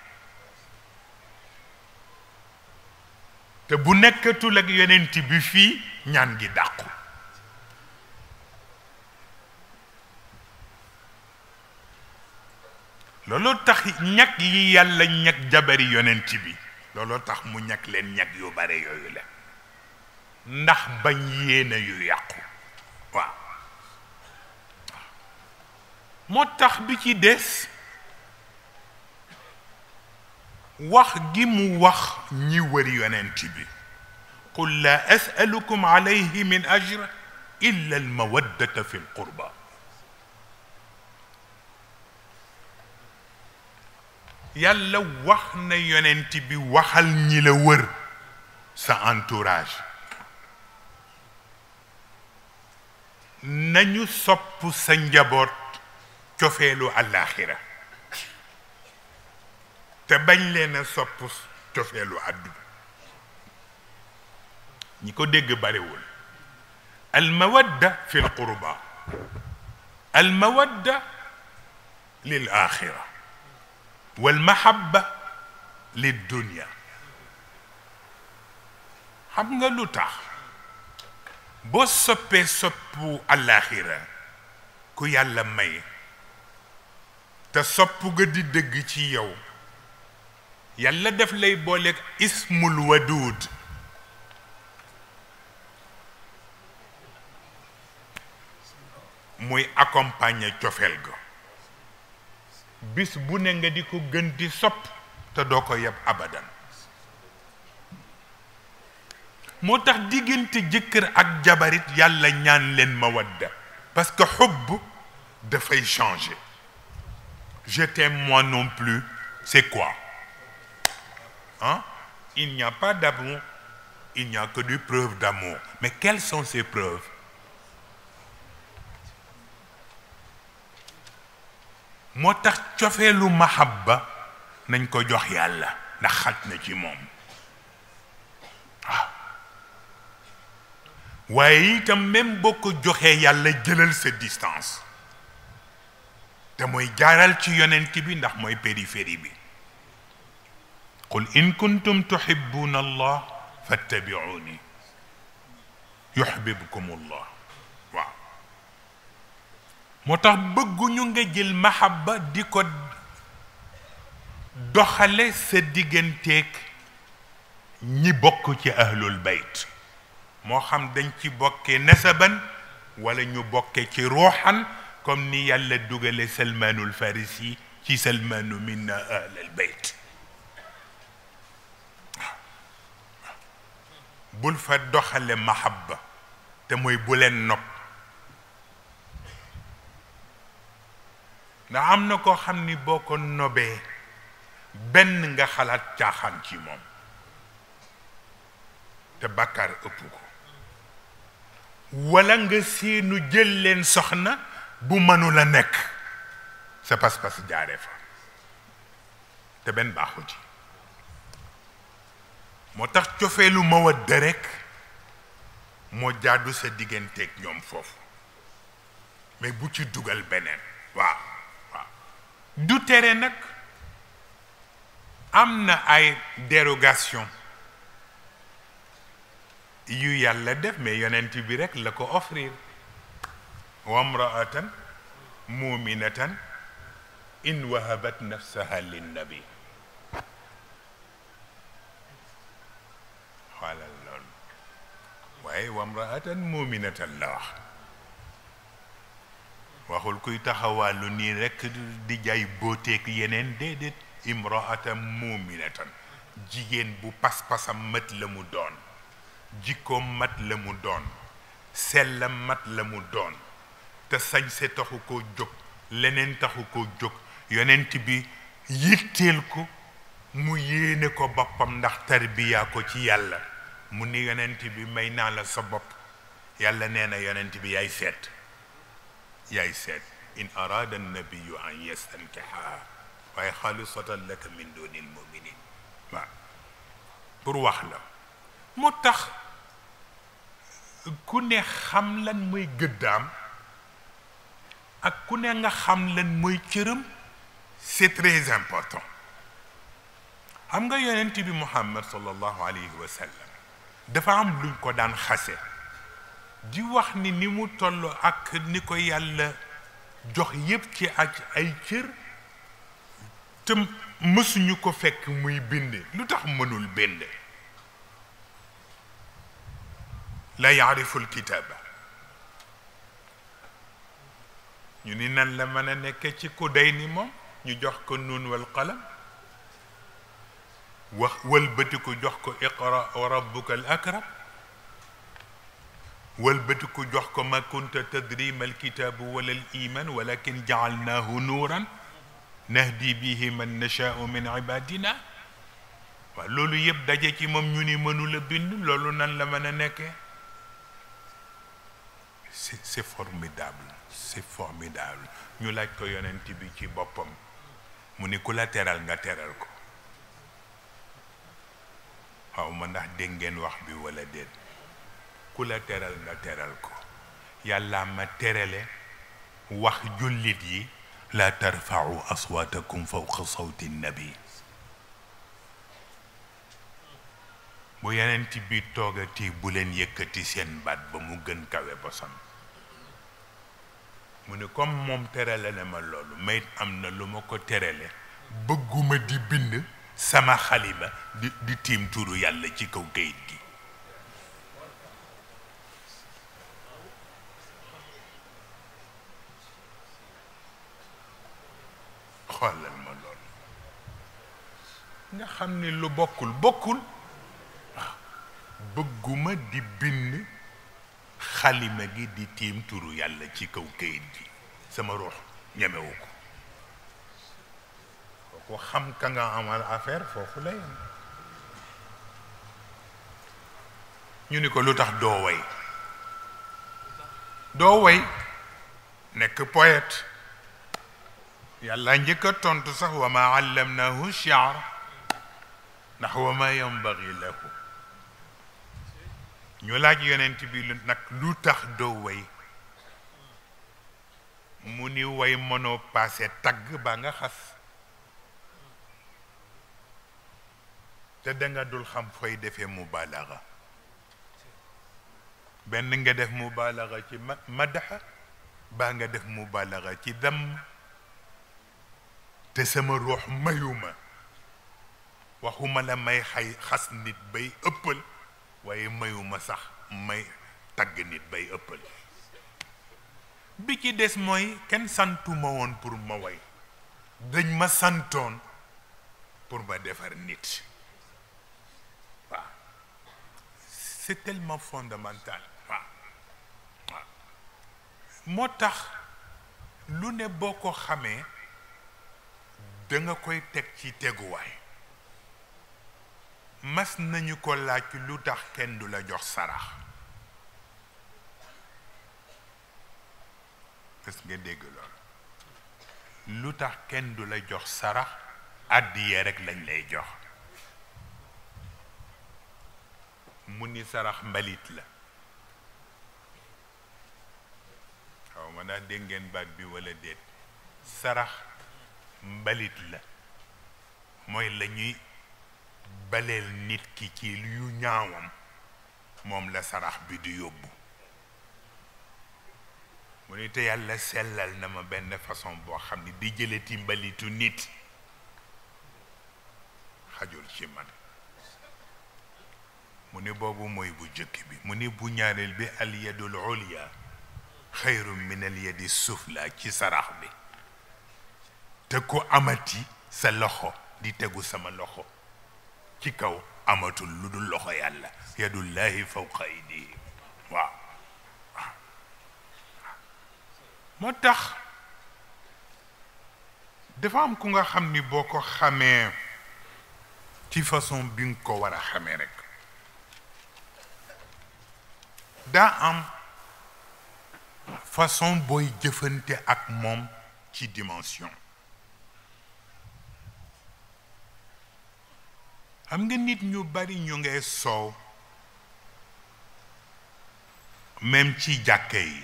[SPEAKER 3] te bu nekkatul ak yonent bi fii ñaan gi dàqu looloo tax ñag yi yàlla ñag jabari yonent bi looloo tax mu ñag leen ñag yu bare yooyu la ndax bañ yéena yu yàqu waaw moo tax bi ci des wax gi mu wax ñi wër yonent bi qul laa asalukum alayhi min ajr illa almawaddata fi alqurba yàlla wax na yonent bi waxal ñi la wër sa entourage nañu sopp sa njaboot cofeelu àllaaxira te bañ leen a sopp cofeelu àdduna ñi ko dégg barewul almawadda fi lqurba almawadda lil axira walmahabba lil dunia xam nga lu tax boo soppee soppu àllaaxira ku yàlla may te sopp ga di dëgg ci yow yàlla def lay booleeg ismul waduud muy accompagner cofeel go bis bu ne nga di ko gën di sopp te doo ko yeb abadan moo tax diggante jëkkër ak jabarit yàlla ñaan leen mawadda parce que xubb dafay changer je t'aime moi non plus, c'est quoi hein? Il n'y a pas d'amour, il n'y a que des preuves d'amour. Mais quelles sont ces preuves moo tax cofeelu mahabba nañ ko jox yàlla ndax xaj na ci moom waaw ah. waaye itam même boo ko joxee yàlla jëlal sa distance te mooy jaaral ci yonent bi ndax mooy périphérie bi qul in kuntum tuhibbuna allah fattabiuni yuhbibkum allah waaw moo tax bëgguñu nga jël mahabba di ko doxale sa digganteeg ñi bokk ci ahlul bayt moo xam dañ ci bokkee nasaban wala ñu bokkee ci ruuxan comme ni yàlla dugale salmaanul farisi ci salmaanu minna ahlal beyt bul fa doxale mahabba te mooy buleen leen nopp ndax na koo xam ni boo ko nobee benn nga xalaat caaxaan ci moom te bàkkaar ëpp ko wala nga seenu jël leen soxna bu mënul a nekk sa pas-pas jaare fa te benn baaxu ci moo tax cofeelu mawadda rekk moo jaadu sa digganteeg ñoom foofu mais bu ci dugal beneen waaw waaw du tere nag am na ay dérogation yu yàlla def mais yonent bi rekk la ko offrir wa mraatan muminatan in wahabat nafsaha linnabi xoolal loolu waaye wa mraatan muminatan la wax waxul kuy taxawaalu nii rekk di jaay booteek yeneen déedéet imraatan muminatan jigéen bu pas-pasam mat la mu doon jikkoom mat la mu doon sellam mat la mu doon te sañse taxu koo jóg leneen taxu koo jóg yonent bi yitteel ko mu yéene ko boppam ndax tarbiyaa ko ci yàlla mu ni yonent bi may naa la sa bopp yàlla nee na yonent bi seet yaay seet in arada annabiyu an yastankiha waaye xaalisatan laka min dunil muminin waaw pour wax la moo tax ku ne xam lan muy gëddaam ak ku ne nga xam lan mooy cëram c'est très important xam nga yonent bi muhammad sallallahu alayhi wa dafa am luñ ko daan xase di wax ni ni mu tolloo ak ni ko yàlla jox yépp ci ak ay cër te mësuñu ko fekk muy bind lu tax mënul bind la yaarifu alkitaaba ñu ni nan la mën a nekk ci ku day ni moom ñu jox ko nuun wal qalam wax wëlbatiku jox ko iqra wa rabbuka al akram wëlbatiku jox ko ma kunta tadrima al kitaabu wala al iman walakin jaalnaahu nuuran nahdi bihi man nashaau min ibadina waaw loolu yëpp daje ci moom ñu ni mënula bind loolu nan la mën a nekkee c'est formidable c'est formidable ñu laaj ko yonent bi ci boppam mu ni ku la teral nga teral ko xawma ndax dégg wax bi walla déet ku la teral nga teral ko yàlla ma terale wax jullit yi la tarfa'u aswatakum fawqa sawti nabi bu yeneent bi toogati bu leen yëkkati seen baat ba mu gën kawe bosam mu ne comme moom terale na ma loolu mayit am na lu ma ko terale bëgguma di bind sama xalima di tiim turu yàlla ci kaw kayit gi xoolal ma loolu nga xam ni lu bokkul bokkul bëgguma di bind xalima gi di tiim turu yàlla ci kaw kayit gi sama ruux ñemewu ko ko xam ka nga amal affaire foofu la yem ñu ni ko lu tax doo way doo way nekk poète yàlla njëkk a tontu sax wa ma allamnahu shi'ra ndax wa ma yanbaghi lahu ñu laaj yonent bi lu nag lu tax doo way mu ni way mënoo paase tagg ba nga xas te danga dul xam fooy defee mubaalaxa benn nga def mubaalaxa ci madaxa baa nga def mubaalaxa ci dam te sama ruux mayuma waxuma la may xay xas nit bay ëppal waaye mayuma sax may tagg nit bay ëppal bi ci des mooy kenn santuma woon pour ma way dañ ma santoon pour ma defar nit waaw c'est tellement fondamental moo tax lu ne boo ko xamee da nga koy teg ci teguwaay mas nañu ko laaj lu tax kenn du la jox sarax parce nga dégg loolu lu tax kenn du la jox sarax àddiyee rek lañ lay jox mu ni sarax mbalit la xaw ma ndax dégg ngeen baat bi walla déet sarax mbalit la mooy lañuy baleel nit ki ci yu ñaawam moom la sarax bi du yóbbu mu ne te yàlla sellal na ma benn façon boo xam ne di jëlati mbalitu nit xajul ci man mu ne boobu mooy bu jëkk bi mu ne bu ñaareel bi al yadul ulya xayru min al sufla ci sarax bi te ku amati sa loxo di tegu sama loxo ci kaw amatul lu dul loxo yàlla yadullahi fawqa aydihim waaw moo tax dafa am ku nga xam ni boo ko xamee ci façon bi nga ko war a xamee rek daa am façon booy jëfante ak moom ci dimension xam nga nit ñu bari ñu ngay soow même ci jàkke yi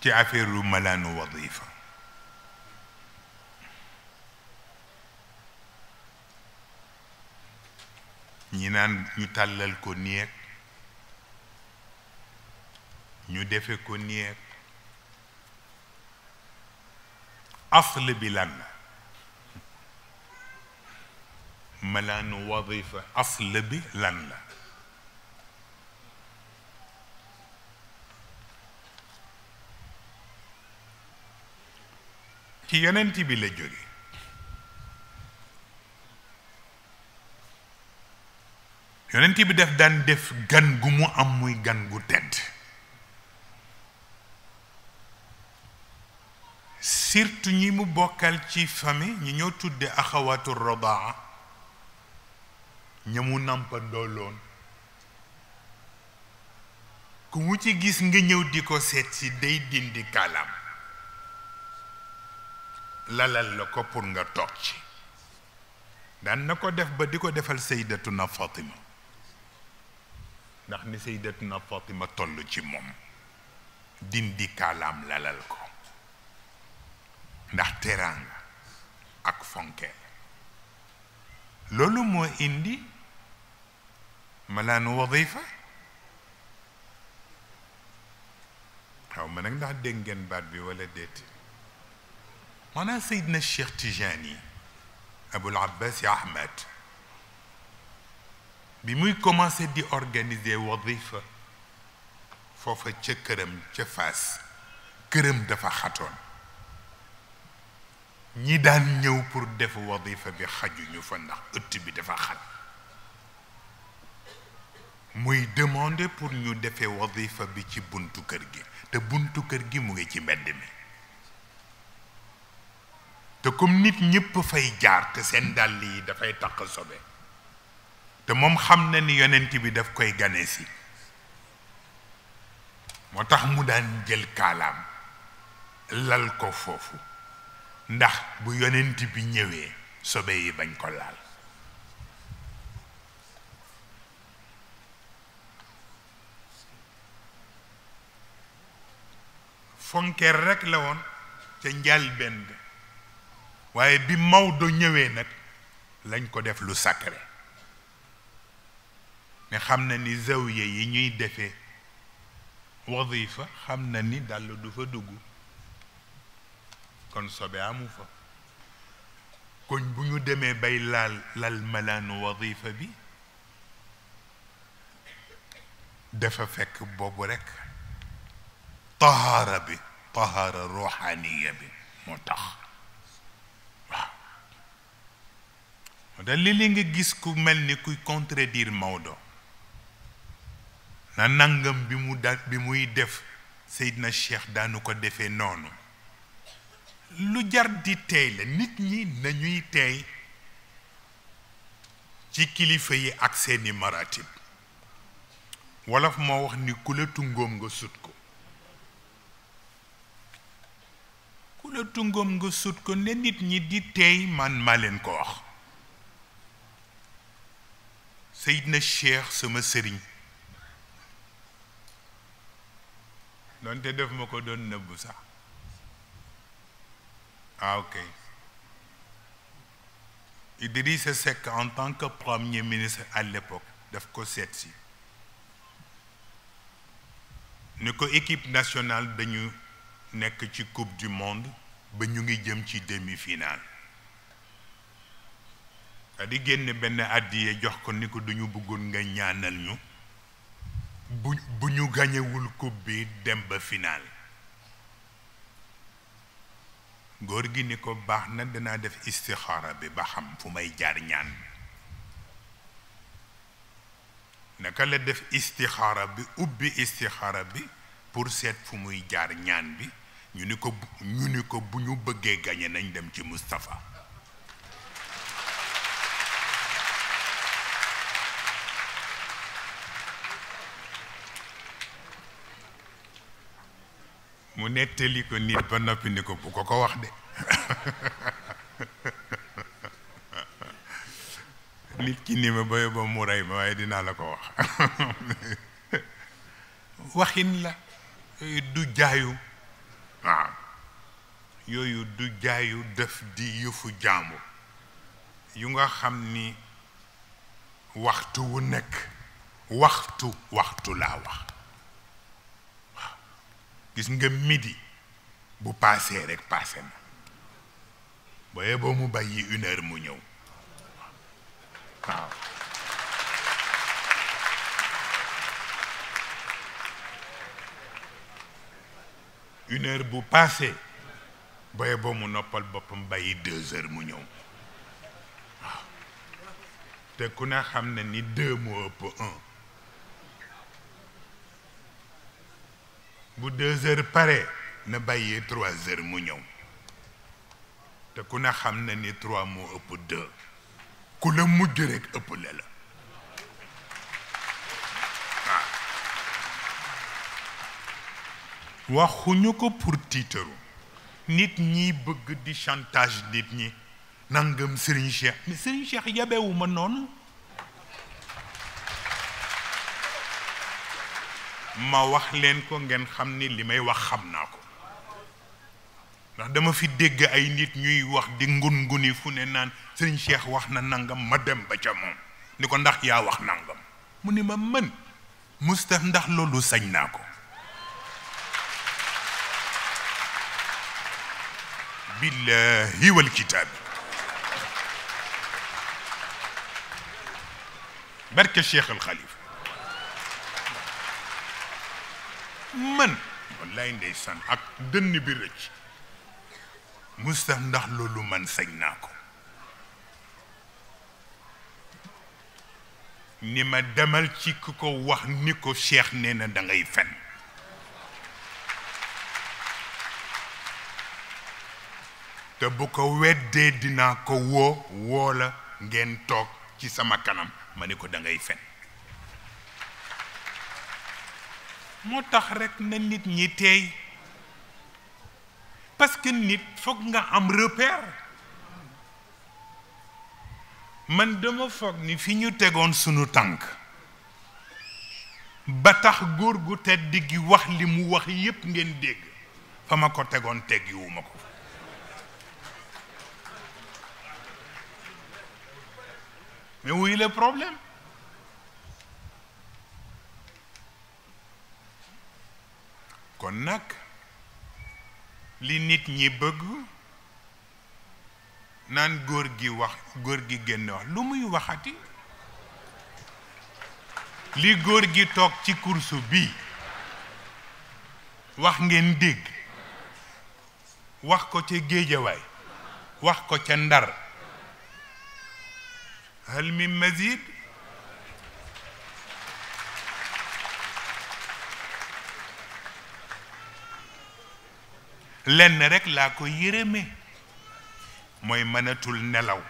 [SPEAKER 3] ci affaire lu malaanu wadifa ñi naan ñu tàllal ko nieeg ñu defe ko nieeg asl bi lan la melaanu wadifa asl bi lan la ci yonent bi la jóge yonent bi def daan def gan gu mu am muy gan gu tedd surtout ñi mu bokkal ci famille ñi ñoo tudde axawaatu rodaa ña mu nàmpandoo ku mu ci gis nga ñëw di ko seet si day dindi kaalaam lalal la ko pour nga toog ci daan na ko def ba di ko defal saydatuna Fatima ndax ni saydatuna Fatima toll ci moom dindi kaalaam lalal ko ndax teraanga ak fonke loolu moo indi malaanu wadifa xaw ma nag ndax dégg ngeen baat bi wala déet maanaa Seydina Cheikh Tijani Abul Abbas Ahmed bi muy commencé di organiser wadifa foofa ca këram ca Fass këram dafa xatoon ñi daan ñëw pour def wadifa bi xajuñu fa ndax ëtt bi dafa xat muy demandé pour ñu defe wadifa bi ci buntu kër gi te buntu kër gi mu ngi ci mbedd mi te kom nit ñëpp fay jaar te seen dàll yi dafay taq sobe te moom xam na ni yonent bi daf koy gane si moo tax mu daan jël kaalaam lal ko foofu ndax bu yonent bi ñëwee sobe yi bañ ko laal fonkeer rek la woon ca njëlbéen ga waaye bi Maodo ñëwee nag lañ ko def lu sacré mais xam na ni zawiya yi ñuy defee wadifa xam na ni dàll du fa dugg kon sobe amu fa koñ bu ñu demee bay laal lal malaanu wadifa bi dafa fekk boobu rekk tahaara bi tahaara ruuxaaniya bi moo tax waaw moo tax li nga gis ku mel ni kuy contredire Maodo na nangam bi mu da bi muy def seyd na Cheikh daanu ko defe noonu lu jar di tey la nit ñi nañuy tey ci kilifa yi ak seeni maratib wolof moo wax ni ku la tungoom nga sut ko la tungoom nga sut ko ne nit ñi di tey man ma leen ko wax Seydina Cheikh sama sëriñ doonte def ma ko doon nëbbu sax ah ok Idrissa Seck en tant que premier ministre à l'époque daf ko seet si ni ko équipe nationale dañu nekk ci coupe du monde ba ñu ngi jëm ci demi-finale da di génn benn àddiye jox ko ni ko duñu bëggoon nga ñaanal ñu bu bu ñu gañewul coupe bi dem ba finaal góor gi ni ko baax na danaa def istixaara bi ba xam fu may jaar ñaan naka la def istixaara bi ubbi istixaara bi pour seet fu muy jaar ñaan bi ñu ni ko bu ñu bëggee gañe nañ dem ci mustafa mu nettali ko nit ba noppi ni ko bu ko ko wax de nit ki ni ba ba mu rey ma waaye dinaa la ko wax waxin la du jaayu waaw yooyu du jaayu def di yëfu jaamu yu nga xam ni waxtu wu nekk waxtu waxtu laa wax waaw gis nga midi bu paasee rek paase na booyee ba mu bàyyi une mu ñëw une bu passé boye boo mu noppal boppam bàyyi deux heures mu ñëw waaw te ku ne xam ne ni deux moo ëpp un bu deux heures pare na bàyyi trois heures mu ñëw te ku ne xam na ni trois moo ëpp ku la mujj rekk ëpp le la waxuñu ko pour tiitaru nit ñi bëgg di chantage nit ñi nangam Serigne Cheikh mais Serigne Cheikh yabewu noonu ma wax leen ko ngeen xam ni li may wax xam naa ko ndax dama fi dégg ay nit ñuy wax di ngun nguni fu ne naan Serigne Cheikh wax na nangam ma dem ba ca moom ni ko ndax yaa wax nangam mu ni ma mën Moustapha ndax loolu sañ naa ko billahi wal kitaab barke Cheikh Al Khalifa man wallaay ndeysaan dënn bi rëcc Moustapha ndax loolu man sañ naa ko ni ma demal ci ku ko wax ni ko Cheikh nee na da fen te bu ko weddee dinaa ko woo woo la ngeen toog ci sama kanam ma ni ko dangay fen moo tax rekk na nit ñi teey parce nit foog nga am repère man dama foog ni fi ñu tegoon sunu tànk ba tax góor gu tedd gi wax li mu wax yépp ngeen dégg fa ma ko tegoon teggiwu ko Mais où est le problème kon nag li nit ñi bëgg naan góor gi wax góor gi génne wax lu muy waxati li góor gi toog ci kursu bi wax ngeen dégg wax ko ca géejawaay wax ko ca ndar hal min mazid lenn rekk laa ko yërëme mooy mënatul nelaw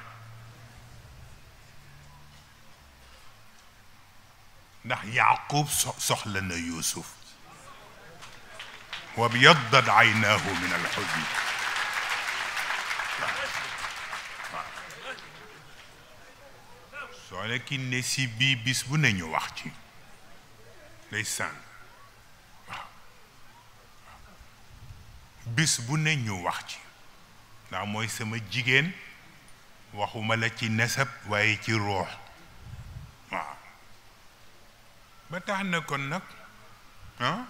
[SPEAKER 3] ndax yaqub soxla na yuusuf wa biyaddat aynaahu min alxuzni soo lekki ne bii bis bu ne ñu wax ci lay sànn bis bu ne ñu wax ci ndax mooy sama jigéen waxuma la ci nesab waaye ci roox waaw ba tax na kon nag ah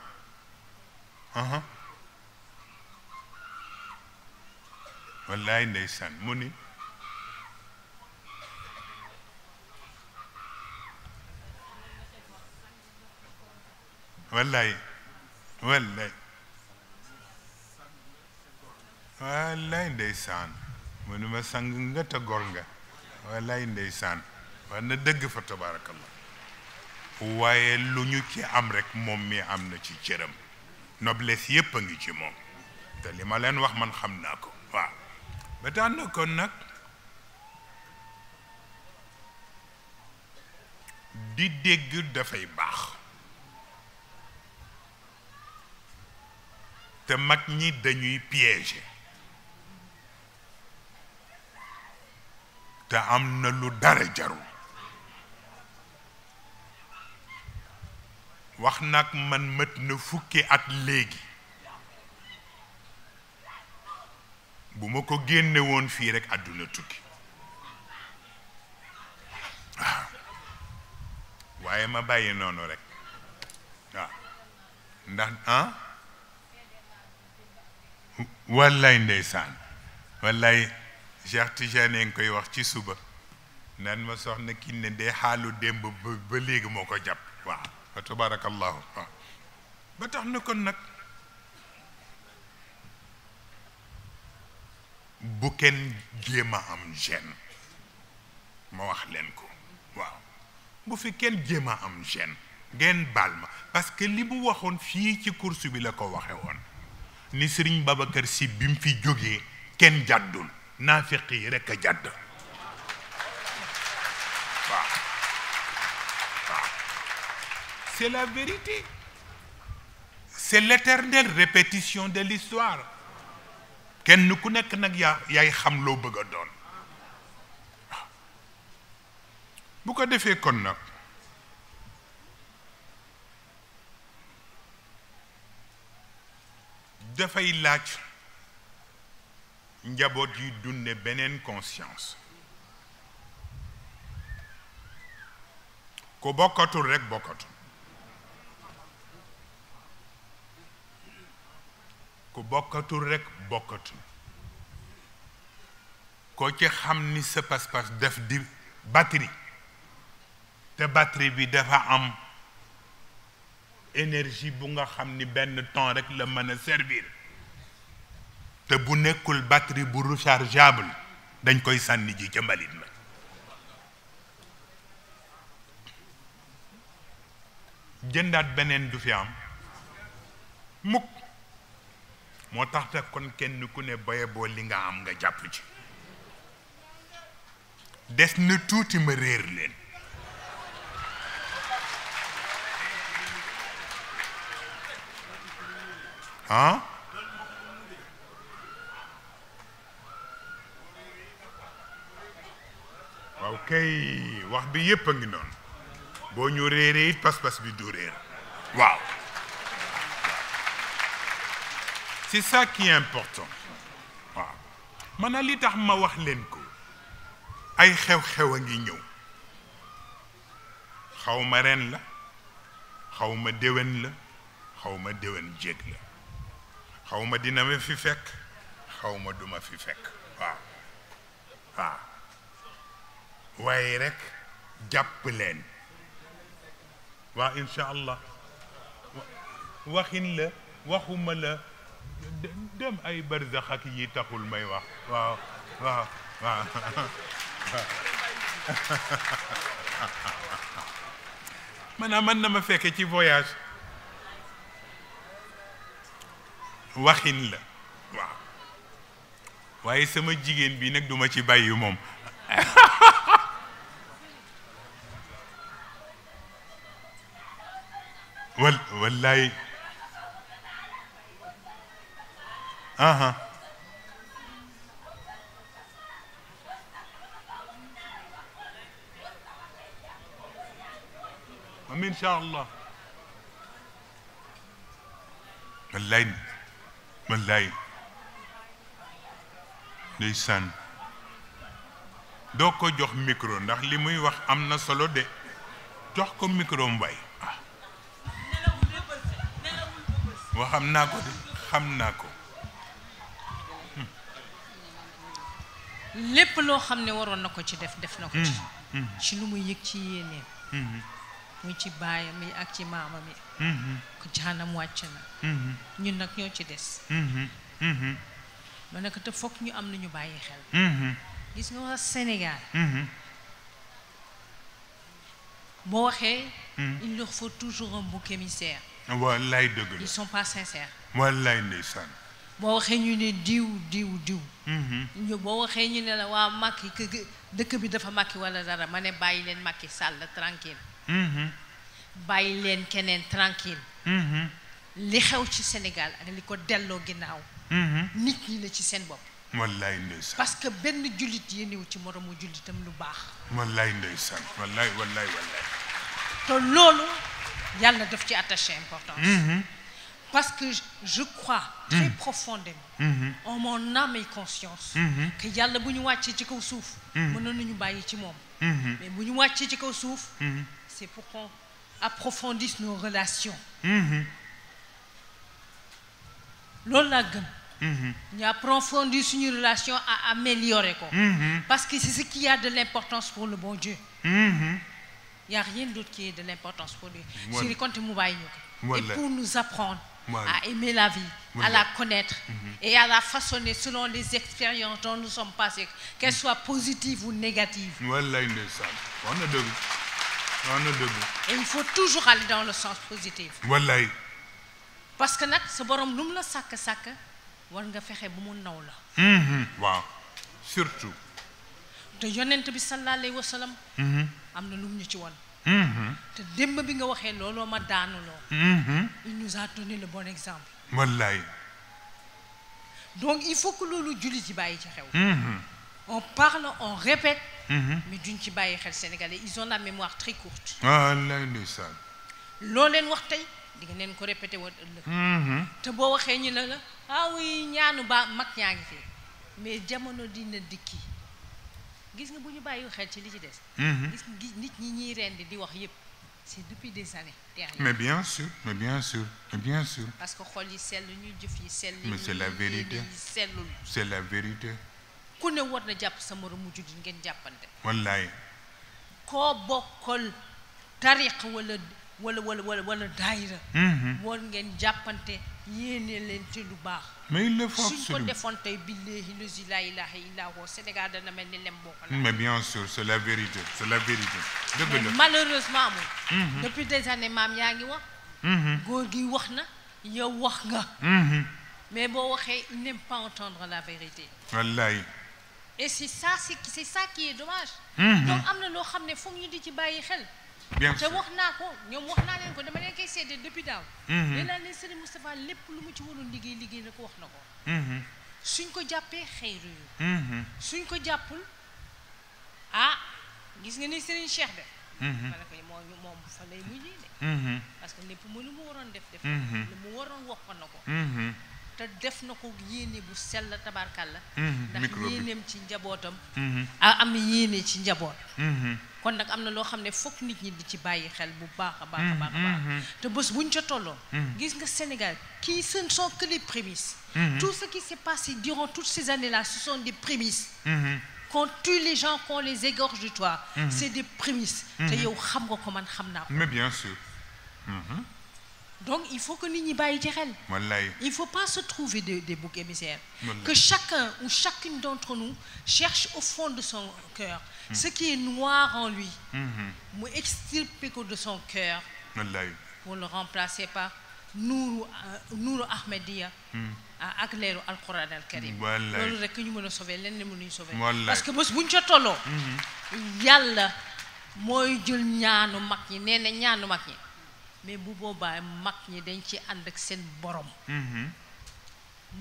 [SPEAKER 3] aha wallaay mu ni wallaay wallaay wallaay ndeysaan ma sang nga te nga wallaay ndeysaan war na dëgg fa tabaarakallah waaye lu ñu ci am rekk moom mi am na ci cëram noblesse yépp a ngi ci moom te li ma leen wax man xam naa ko waaw ba na kon nag di dégg dafay baax te mag ñi dañuy piégé te am na lu dara jaru wax nag man mët na fukki at léegi bu ma ko génnewoon fii rekk àdduna tukki waaw waaye ma bàyyi noonu rekk waaw ndax ah wallaay ndeysaan wallaay Cheikh Tidiane ngi koy wax ci suba naan ma soxna ki ne dee xaalu démb ba ba léegi moo ko jàpp waaw fa tabarakallahu waaw ba tax na kon nag bu kenn jéem a am gêne ma wax leen ko waaw bu fi kenn jéem a am gêne gen baal ma parce que li mu waxoon fii ci course bi la ko waxe woon ni sëriñ Babacar si bi mu fi jógee kenn jàddul naafiq rekk a jàdd waaw waaw c'est la vérité c'est l'éternelle répétition de l'histoire kenn ku nekk nag yaa yaay xam loo bëgg a doon bu ko defee kon nag dafay laaj njaboot yi dunde beneen conscience ku bokkatul rekk bokkatul ku rekk bokkatul koo ci xam ni sa pas-pas def di batterie te batterie bi dafa am énergie bu nga xam ni benn temps rek la mën a servir te bu nekkul batterie bu rechargeable dañ koy sànni ji ca mbalit jëndaat beneen du fi am mukk moo tax te kon kenn ku ne boye boo li nga am nga jàpp ci des na tuuti ma réer leen ah waaw kay wax bi yépp a ngi noonu boo ñu réeree it pas-pas bi du réer waaw c'est ça qui important waaw man li tax ma wax leen ko ay xew-xew a ngi ñëw xaw ma ren la xaw ma déwén la xaw ma déwén jéeg la xaw ma dina ma fi fekk xaw ma duma fi fekk waaw waaw waaye rekk jàpp leen waaw incha allah waxin la waxuma la dem ay barzax ak yi taxul may wax waaw waaw waaw maanaam mën na ma fekke ci voyage waxin la waaw waaye sama jigéen bi nag duma ci bàyyi moom wal wallaay aha am incha allah wallaay doo ko jox micro ndax li muy wax am na solo de jox ko micro mbay ah waxam naa ko xam naa ko
[SPEAKER 4] hmm. lépp loo xam ne waroon na ko ci def def na ko ci hmm. Hmm. lu mu yëg ci yéeneem muy ci baayam yi ak ci maamam yi Mm-hmm. ku jaanam wàcc na mm-hmm. ñun nag ñoo ci des ma mm-hmm. ne ko te foog ñu am lu ñu bàyyi xel gis nga waa Sénégal boo waxee il leur faut toujours un bouc émissaire
[SPEAKER 3] wallaay dëgg la
[SPEAKER 4] ils boo waxee ñu ne diw diw diw ñu boo waxee ñu ne la waa Macky dëkk bi dafa makki wala dara ma ne bàyyi leen makki Sall tranquille bàyyi leen keneen tranquille mm-hmm. li xew ci Sénégal ak li ko delloo ginnaaw mm-hmm. nit ñi la ci seen bopp
[SPEAKER 3] wallaay ndeysaan
[SPEAKER 4] parce que benn jullit yéenewu ci moromu jullitam lu baax
[SPEAKER 3] wallaay ndeysaan wallaay wallaay wallaay
[SPEAKER 4] te loolu yàlla def ci attaché importance mm-hmm. parce que je crois très profondément en mon âme et conscience que yàlla bu ñu wàccee ci kaw suuf mënoon nañu bàyyi ci moom mais bu ñu wàccee ci kaw suuf c'est pour qu'on approfondissent nos relations. Mm-hmm. loolu laa gëm. Mm-hmm. ñu approfondir suñu relation à améliorer ko. Mm-hmm. parce que c'est ce qui a de l'importance pour le bon Dieu. y a rien d'autre qui ait de l'importance pour lui. voilà su compte mu bàyyi et pour nous apprendre. à aimer la vie. à la connaître. et à la façonner selon les expériences dont nous sommes passés qu'elles soient positives ou négatives. noonu la dëgg. il faut toujours aller dans wallaay. parce que nag sa boroom lu mu la sàkk sàkk war nga fexe bu mu naw la.
[SPEAKER 3] Mhm. waaw surtout.
[SPEAKER 4] te yonent bi sallallahu alayhi wa sallam. Mhm. am na lu mu ñu ci won mhm. te démb bi nga waxee looloo ma daanuloo.
[SPEAKER 3] il
[SPEAKER 4] nous a donné le bon exemple. wallaay. donc il faut que loolu jullit yi bàyyi ci xew. on parle on répète. Mhm. mais duñ ci bàyyi xel sénégalais ils ont la mémoire très courte.
[SPEAKER 3] wallaay ah, ndeysaan.
[SPEAKER 4] loo leen wax tey di nga leen ko répété woon ëllëg. Mhm. te boo waxee ñu ne la ah oui ñaanu ba mag ñaa ngi fi mais jamono dina dikki gis nga bu ñu bàyyi xel ci li ci des. Mhm. gis nit ñi ñuy rendi di wax yëpp c'est depuis des années. derrière mais
[SPEAKER 3] bien sûr mais bien sûr mais bien sûr.
[SPEAKER 4] parce que xol yi sell ñuy jëf yi sell. mais c'est la vérité sellul.
[SPEAKER 3] c'est la vérité.
[SPEAKER 4] ku ne war na jàpp sa moroom mu jullit ngeen jàppante wallaay koo bokkal tariq wala wala wala wala daayira mhm. war ngeen jàppante yéene leen ci lu baax
[SPEAKER 3] mais il le suñ ko defoon
[SPEAKER 4] tey billahi lesi la ilaha illa huwa Sénégal dana mel ni lem boo ko
[SPEAKER 3] mais bien sûr c'est la vérité c'est la vérité dëgg la
[SPEAKER 4] malheureusement amul mhm. depuis des années maam yaa ngi wax mhm. góor gi wax na yow wax nga mais boo waxee il entendre la vérité wallaay et c'est ça c'est ça qui est dommage. Mm-hmm. am na loo xam ne foog ñu di ci bàyyi xel. bien te wax naa ko ñoom wax naa leen ko dama leen koy seede depuis daaw. Mm-hmm. nee naa leen Serigne Moustapha lépp lu mu ci waroon liggéey liggéey na ko wax na ko. Mm-hmm. suñ ko jàppee xëyru yu suñ ko jàppul ah gis nga ni Serigne Cheikh de. ma ne ko moom moom fa lay mujjee de. parce que lépp mu lu mu waroon def def. lu mu waroon wax ko na ko. te def na ko yéene bu sell tabarkalla mhm, ndax yéeneem ci njabootam mhm. a am yéene ci njaboot mhm. kon nag am na loo xam ne fokk nit ñi di ci bàyyi xel bu baax a baax a baax a baax te bés buñ ca tolloon gis nga Sénégal kii seen ne sont que les prémices tout ce qui s'est passé durant toutes ces années là ce sont des prémices qu'on tue les gens qu'on les égorge toit c'est des prémices te yow xam nga ko man xam naa ko mais bien sûr donc il faut que nit ñi bàyyi ci xel wallaay il faut pas se trouver des des boucs émissaires que chacun ou chacune d'entre nous cherche au fond de son cœur mm. ce qui est noir en lui hmm. mu extirper ko de son cœur wallaay pour le remplacer par nuuru euh, nuuru Ahmadiyya hmm. ak leeru alquran al karim loolu rek ñu mën a sauver lenn mënuñu sauver parce que bés buñ ca tolloo hmm. mooy jël ñaanu mag ñi nee na ñaanu mag ñi mais bu boobaa mag ñi dañ ci ànd ak seen borom mm-hmm.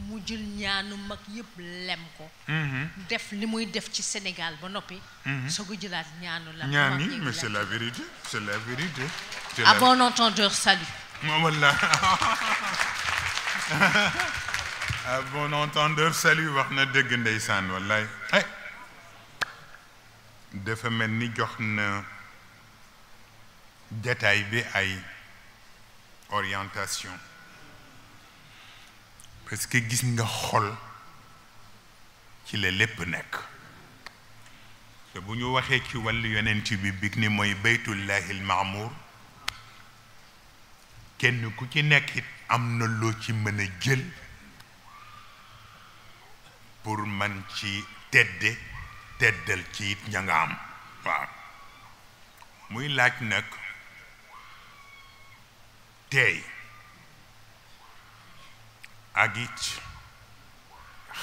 [SPEAKER 4] mu jël ñaanu mag yëpp lem ko mm-hmm. def li muy def ci Sénégal ba noppi mm-hmm. soo ko jëlaat ñaanu la ñaani mais
[SPEAKER 3] c'est la vérité c'est la vérité à
[SPEAKER 4] entendeur
[SPEAKER 3] salut wax na dëgg ndeysaan wallaay dafa mel ni jox na jataay bi ay orientation parce que gis nga xol ci la lépp nekk te bu ñu waxee ci wàllu yonent bi big ni mooy beytullahil maamuur kenn ku ci nekk it am na loo ci mën a jël pour man ci tedde teddal ci it ña nga am waaw muy laaj nag teey ak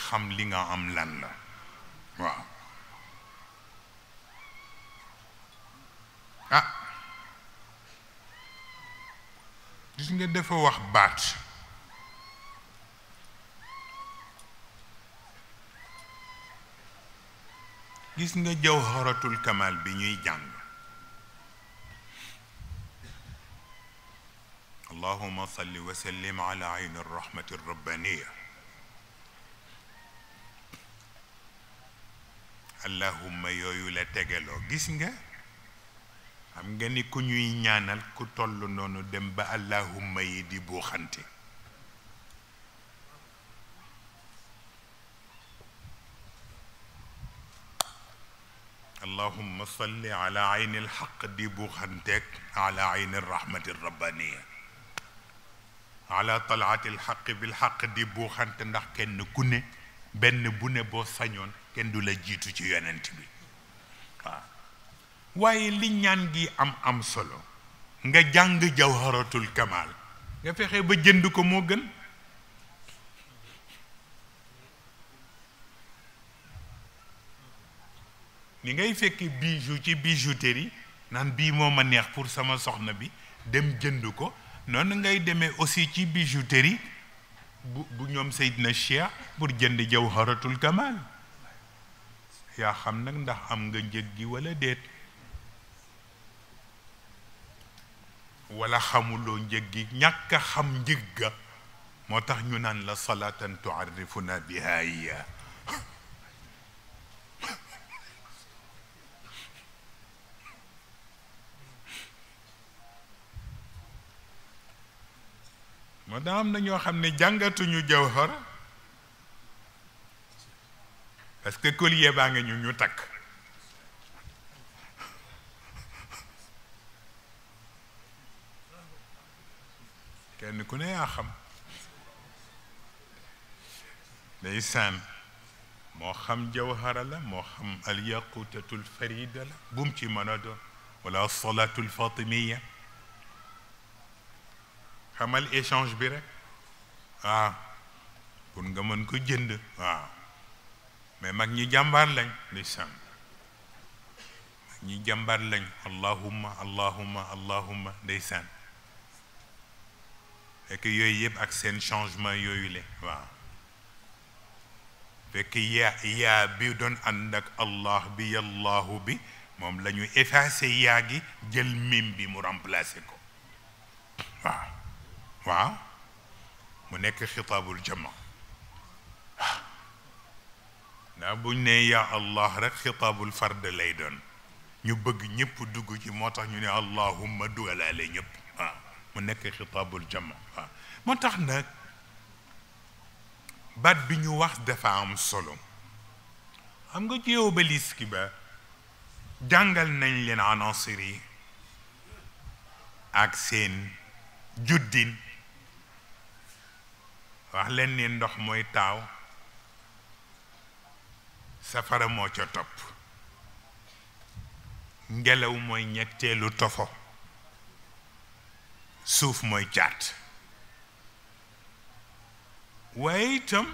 [SPEAKER 3] xam li nga am lan la waaw ah gis nga dafa wax baat gis nga jawharatul kamal bi ñuy jàng allahuma salli wa sallim ala ayni rahmati rabbaniya allahuma yooyu la tegaloo gis nga xam nga ni ku ñuy ñaanal ku toll noonu dem ba allahuma yi di buuxante allahuma salli ala ayni alxaq di buuxanteeg ala ayni rahmati rabbaniya ala talaatil xaq bil xaq di buuxante ndax kenn ku ne bu ne boo sañoon kenn du la jiitu ci yonent bi waaye li ñaan gi am am solo nga jàng jawharatul kamal nga fexe ba jënd ko moo gën ni ngay fekk bijou ci bijouterie naan bii moo ma neex pour sama soxna bi dem jënd ko noonu ngay demee aussi ci bijouterie bu bu ñoom Seydina Cheikh pour jënd jawharatul kamal yaa xam nag ndax am nga njëg gi wala déet wala xamuloo njëg gi ñàkk xam njëg ga moo tax ñu naan la salaatan tuarrifuna biha iya moo tax am na ñoo xam ne jàngatuñu jawhar parce que collier baa ngi ñu ñu takk kenn ku ne yaa xam moo xam jawhara la moo xam alyaqutatul farida la bu mu ci mën a doon wala salaatul fatimiya xamal échange bi rek waaw pour nga mën ko jënd waaw mais mag ñi jàmbaar lañ ndeysaan mag ñi jàmbaar lañ allahumma allahumma allahumma ndeysaan fekk yooyu yëpp ak seen changement yooyu le waaw fekk yaa yaa bi doon ànd ak allah bi yallaahu bi moom la ñu yaa gi jël mim bi mu remplacé ko waaw waaw mu nekk xitaabul jama ndax buñ ne yaa allah rek xitaabul fard lay doon ñu bëgg ñëpp dugg ci moo tax ñu ne allahumma dugalaale ñëpp waaw mu nekk xitaabul jama moo tax nag baat bi ñu wax dafa am solo xam nga ci yow baliski ba jàngal nañ leen anasir yi ak seen juddin wax leen ni ndox mooy taaw safara moo ca topp ngelaw mooy ñetteelu tofo suuf mooy caat waaye itam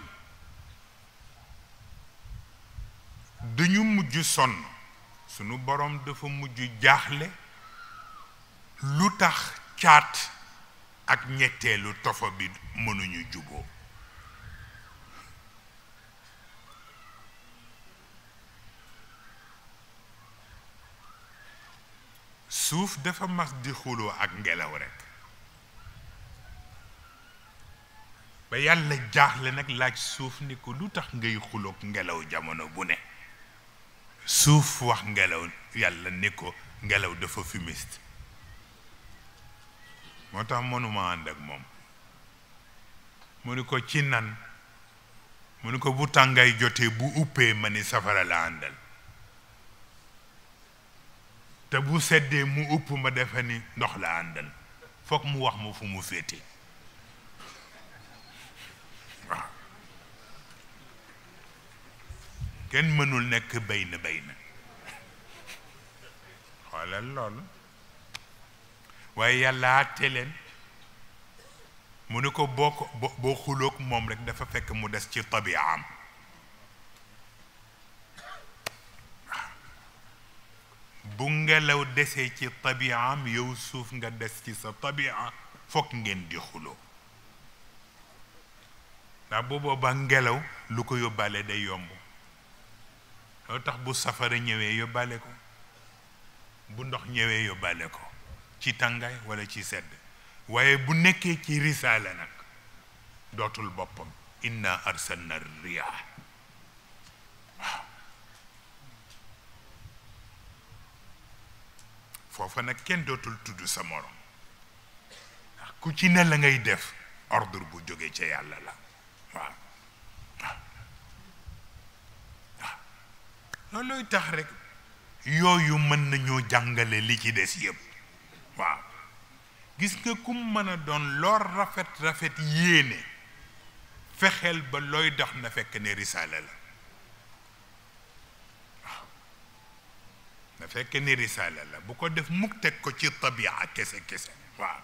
[SPEAKER 3] duñu mujj sonn sunu boroom dafa mujj jaaxle lu tax caat ak ñetteelu tofo bi mënuñu juboo suuf dafa mas di xuloo ak ngelaw rekk ba yàlla jaaxle nag laaj suuf ni ko lu tax ngay xuloog ngelaw jamono bu ne suuf wax ngelaw yàlla ni ko ngelaw dafa fumiste moo tax mënuma ànd ak moom mu ni ko ci nan mu ni ko bu tàngaay jotee bu uppee ma ni safara la àndal te bu seddee mu upp ma defe ni ndox la àndal foog mu wax ma fu mu féete waaw kenn mënul nekk bay na bay na waaye yàlla àtte leen mu ne ko boo ko boo moom rek dafa fekk mu des ci tabiaam bu ngelaw desee ci tabiaam yow suuf nga des ci sa tabia foog ngeen di xuloo ndax bu boobaa ngelaw lu ko yóbbaale day yomb loo tax bu safara ñëwee yóbbaale ko bu ndox ñëwee yóbbaale ko ci tàngaay walla ci sedd waaye bu nekkee ci risaala nag dootul boppam inna arsalna riyaah waaw foofa nag kenn dootul tudd sa morom ku ci ne la ngay def ordre bu jóge ca yàlla la waaw waaw tax rekk yooyu mën nañoo jàngale li ci des yëpp waaw gis nga kum mën a doon loo rafet rafet yéene fexeel ba looy dox na fekk ne risaala la fekk ne risaala la bu ko def mukk teg ko ci tabia kese kese waaw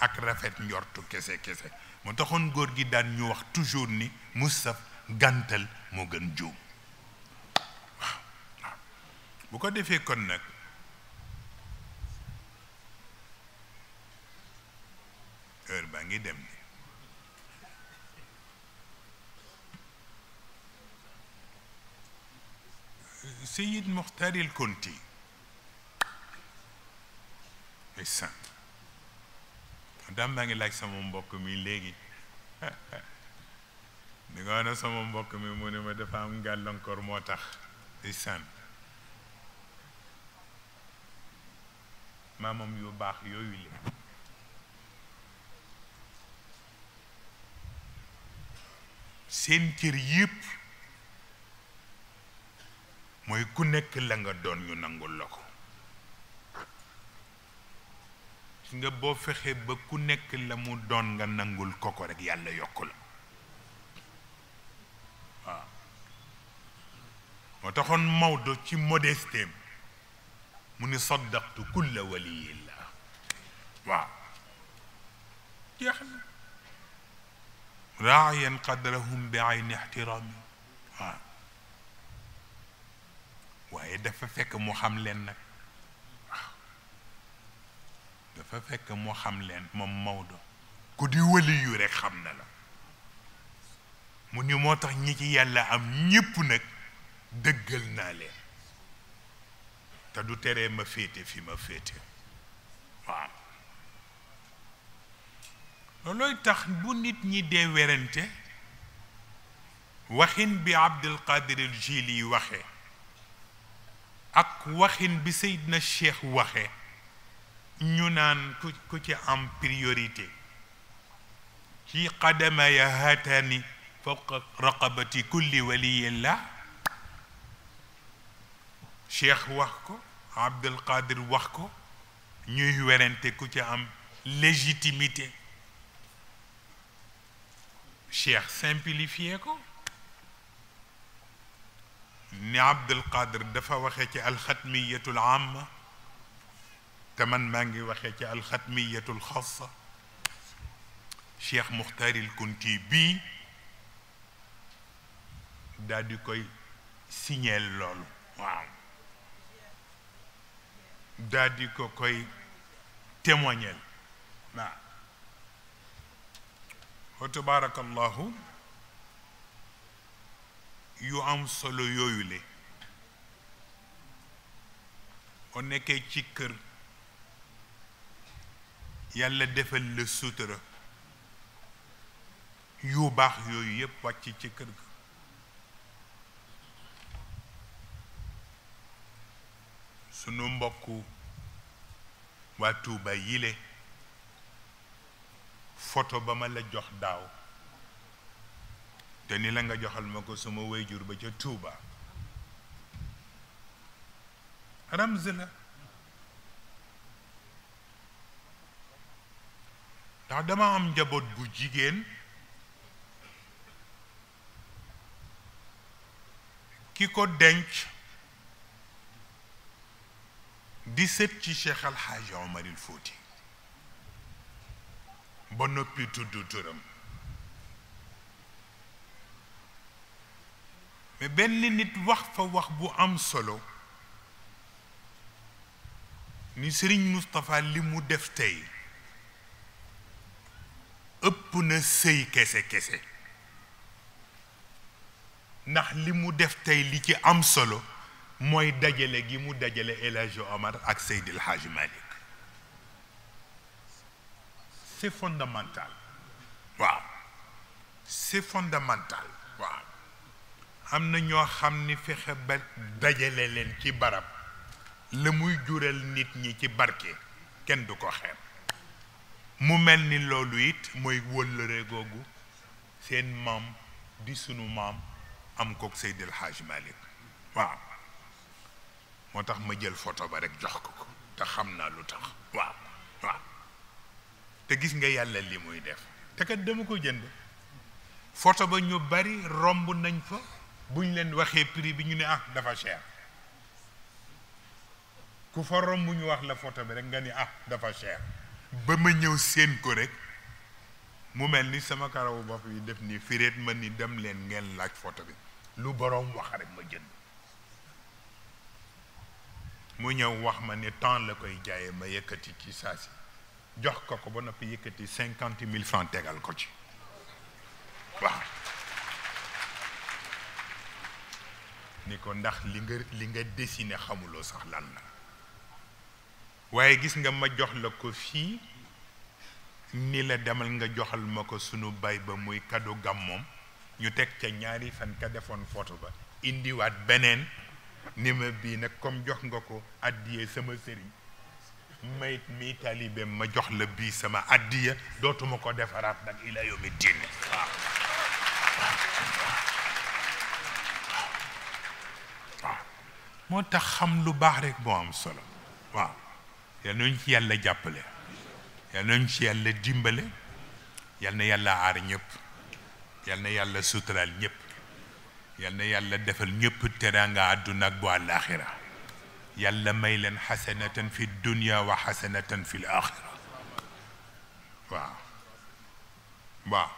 [SPEAKER 3] ak rafet njortu kese kese moo taxoon góor gi daan ñu wax toujours ni Moustapha gàntal moo gën juum waaw waaw bu ko defee kon nag heure baa ngi dem de Seyid Muxtaaril Konti ndeysaan daam ngi laaj sama mbokk mi léegi ni nga wax sama mbokk mi mu ne ma dafa am gàllankoor moo tax ndeysaan maamam yu baax yooyu leen seen cër yépp mooy ku nekk la nga doon ñu nangul la ko su nga boo fexee ba ku nekk la mu doon nga nangul koko rekk yàlla yokk la waaw moo taxoon Maodo ci modestem mu ni saddaqtu kulla waliyillah waaw jeex na raayan qadrahum bi ayni ixtiraami waaw waaye dafa fekk mu xam leen nag dafa fekk mu xam leen moom Maodo ku di wëli yu rekk xam na la mu ni moo tax ñi ci yàlla am ñépp nag dëggal naa leen te du teree ma féete fi ma féete waaw loolooy tax bu nit ñi dee werante waxin bi Abdul Qadir waxe ak waxin bi Seydina Cheikh waxe ñu naan ku ku ci am priorité ci qadamaya haatani fawqa raqabati kulli waliyillah Cheikh wax ko Abdul Qadir wax ko ñuy werante ku ci am légitimité cheikh simplifié ko ni Abdul Qadir dafa waxee ci alxatmiyatul amma te man maa ngi waxee ci alxatmiyatul xassa cheikh Muxtaaril Kunti bii daal di koy signeel loolu waaw daal koy témoigneel wa tabaarakallahu yu am solo yooyule le o ci kër yàlla defal la sutura yu baax yooyu yépp wàcc ci kër gi sunu mbokk waa Tuuba yile photo ba ma la jox daaw te ni la nga joxal ma ko suma wéyjur ba ca Tuuba ramz la ndax dama am njaboot bu jigéen ki ko denc di sët ci Cheikh Alxaaji Omar il ba noppi tudd turam mais benn nit wax fa wax bu am solo ni sëriñ Moustapha li mu def tey ëpp na sëy kese kese ndax li mu def tey li ci am solo mooy dajale gi mu dajale El Hadj ak Seydil Hadj Malick c'est fondamental waaw c'est fondamental waaw am na ñoo xam ni fexe ba dajale leen ci barab la muy jural nit ñi ci barke kenn du ko xeeb mu mel ni loolu it mooy wóllëre googu seen maam di sunu maam am kook Seydil Hadj Malick waaw moo tax ma jël photo ba rekk jox ko ko te xam naa lu tax waaw te gis nga yàlla li muy def te kat dama ko jënd photo ba ñu bari romb nañ fa buñ leen waxee prix bi ñu ne ah dafa cher ku fa romb ñu wax la photo bi rek nga ni ah dafa cher ba ma ñëw seen ko rek mu mel ni sama karawu bopp yi def ni fireet ma ni dem leen ngeen laaj photo bi lu boroom wax rek ma jënd mu ñëw wax ma ni temps la koy jaayee ma yëkkati ci saa si jox ko ko ba noppi yëkkati cinquante mille francs tegal ko ci waaw ni ko ndax li nga li nga dessiné xamuloo sax lan la waaye gis nga ma jox la ko fii ni la demal nga joxal ma ko sunu bay ba muy kado gàmmoom ñu teg ca ñaari fan ka defoon photo ba indiwaat beneen ni ma bii nag comme jox nga ko àddiyee sama sëriñ mayit mii taalibeem ma jox la bii sama àddiya dootuma ko defaraat nag ila yomi diine waaw waaw moo tax xam lu baax rek moo am solo waaw yal nañu ci yàlla jàppale yal nañu ci yàlla dimbale yal na yàlla aar ñëpp yal na yàlla suturaal ñëpp yal na yàlla defal ñëpp teraanga àdduna ak bu àllaaxira yàlla may leen xasanatan fi dunia wa xasanatan fi l axira waaw waaw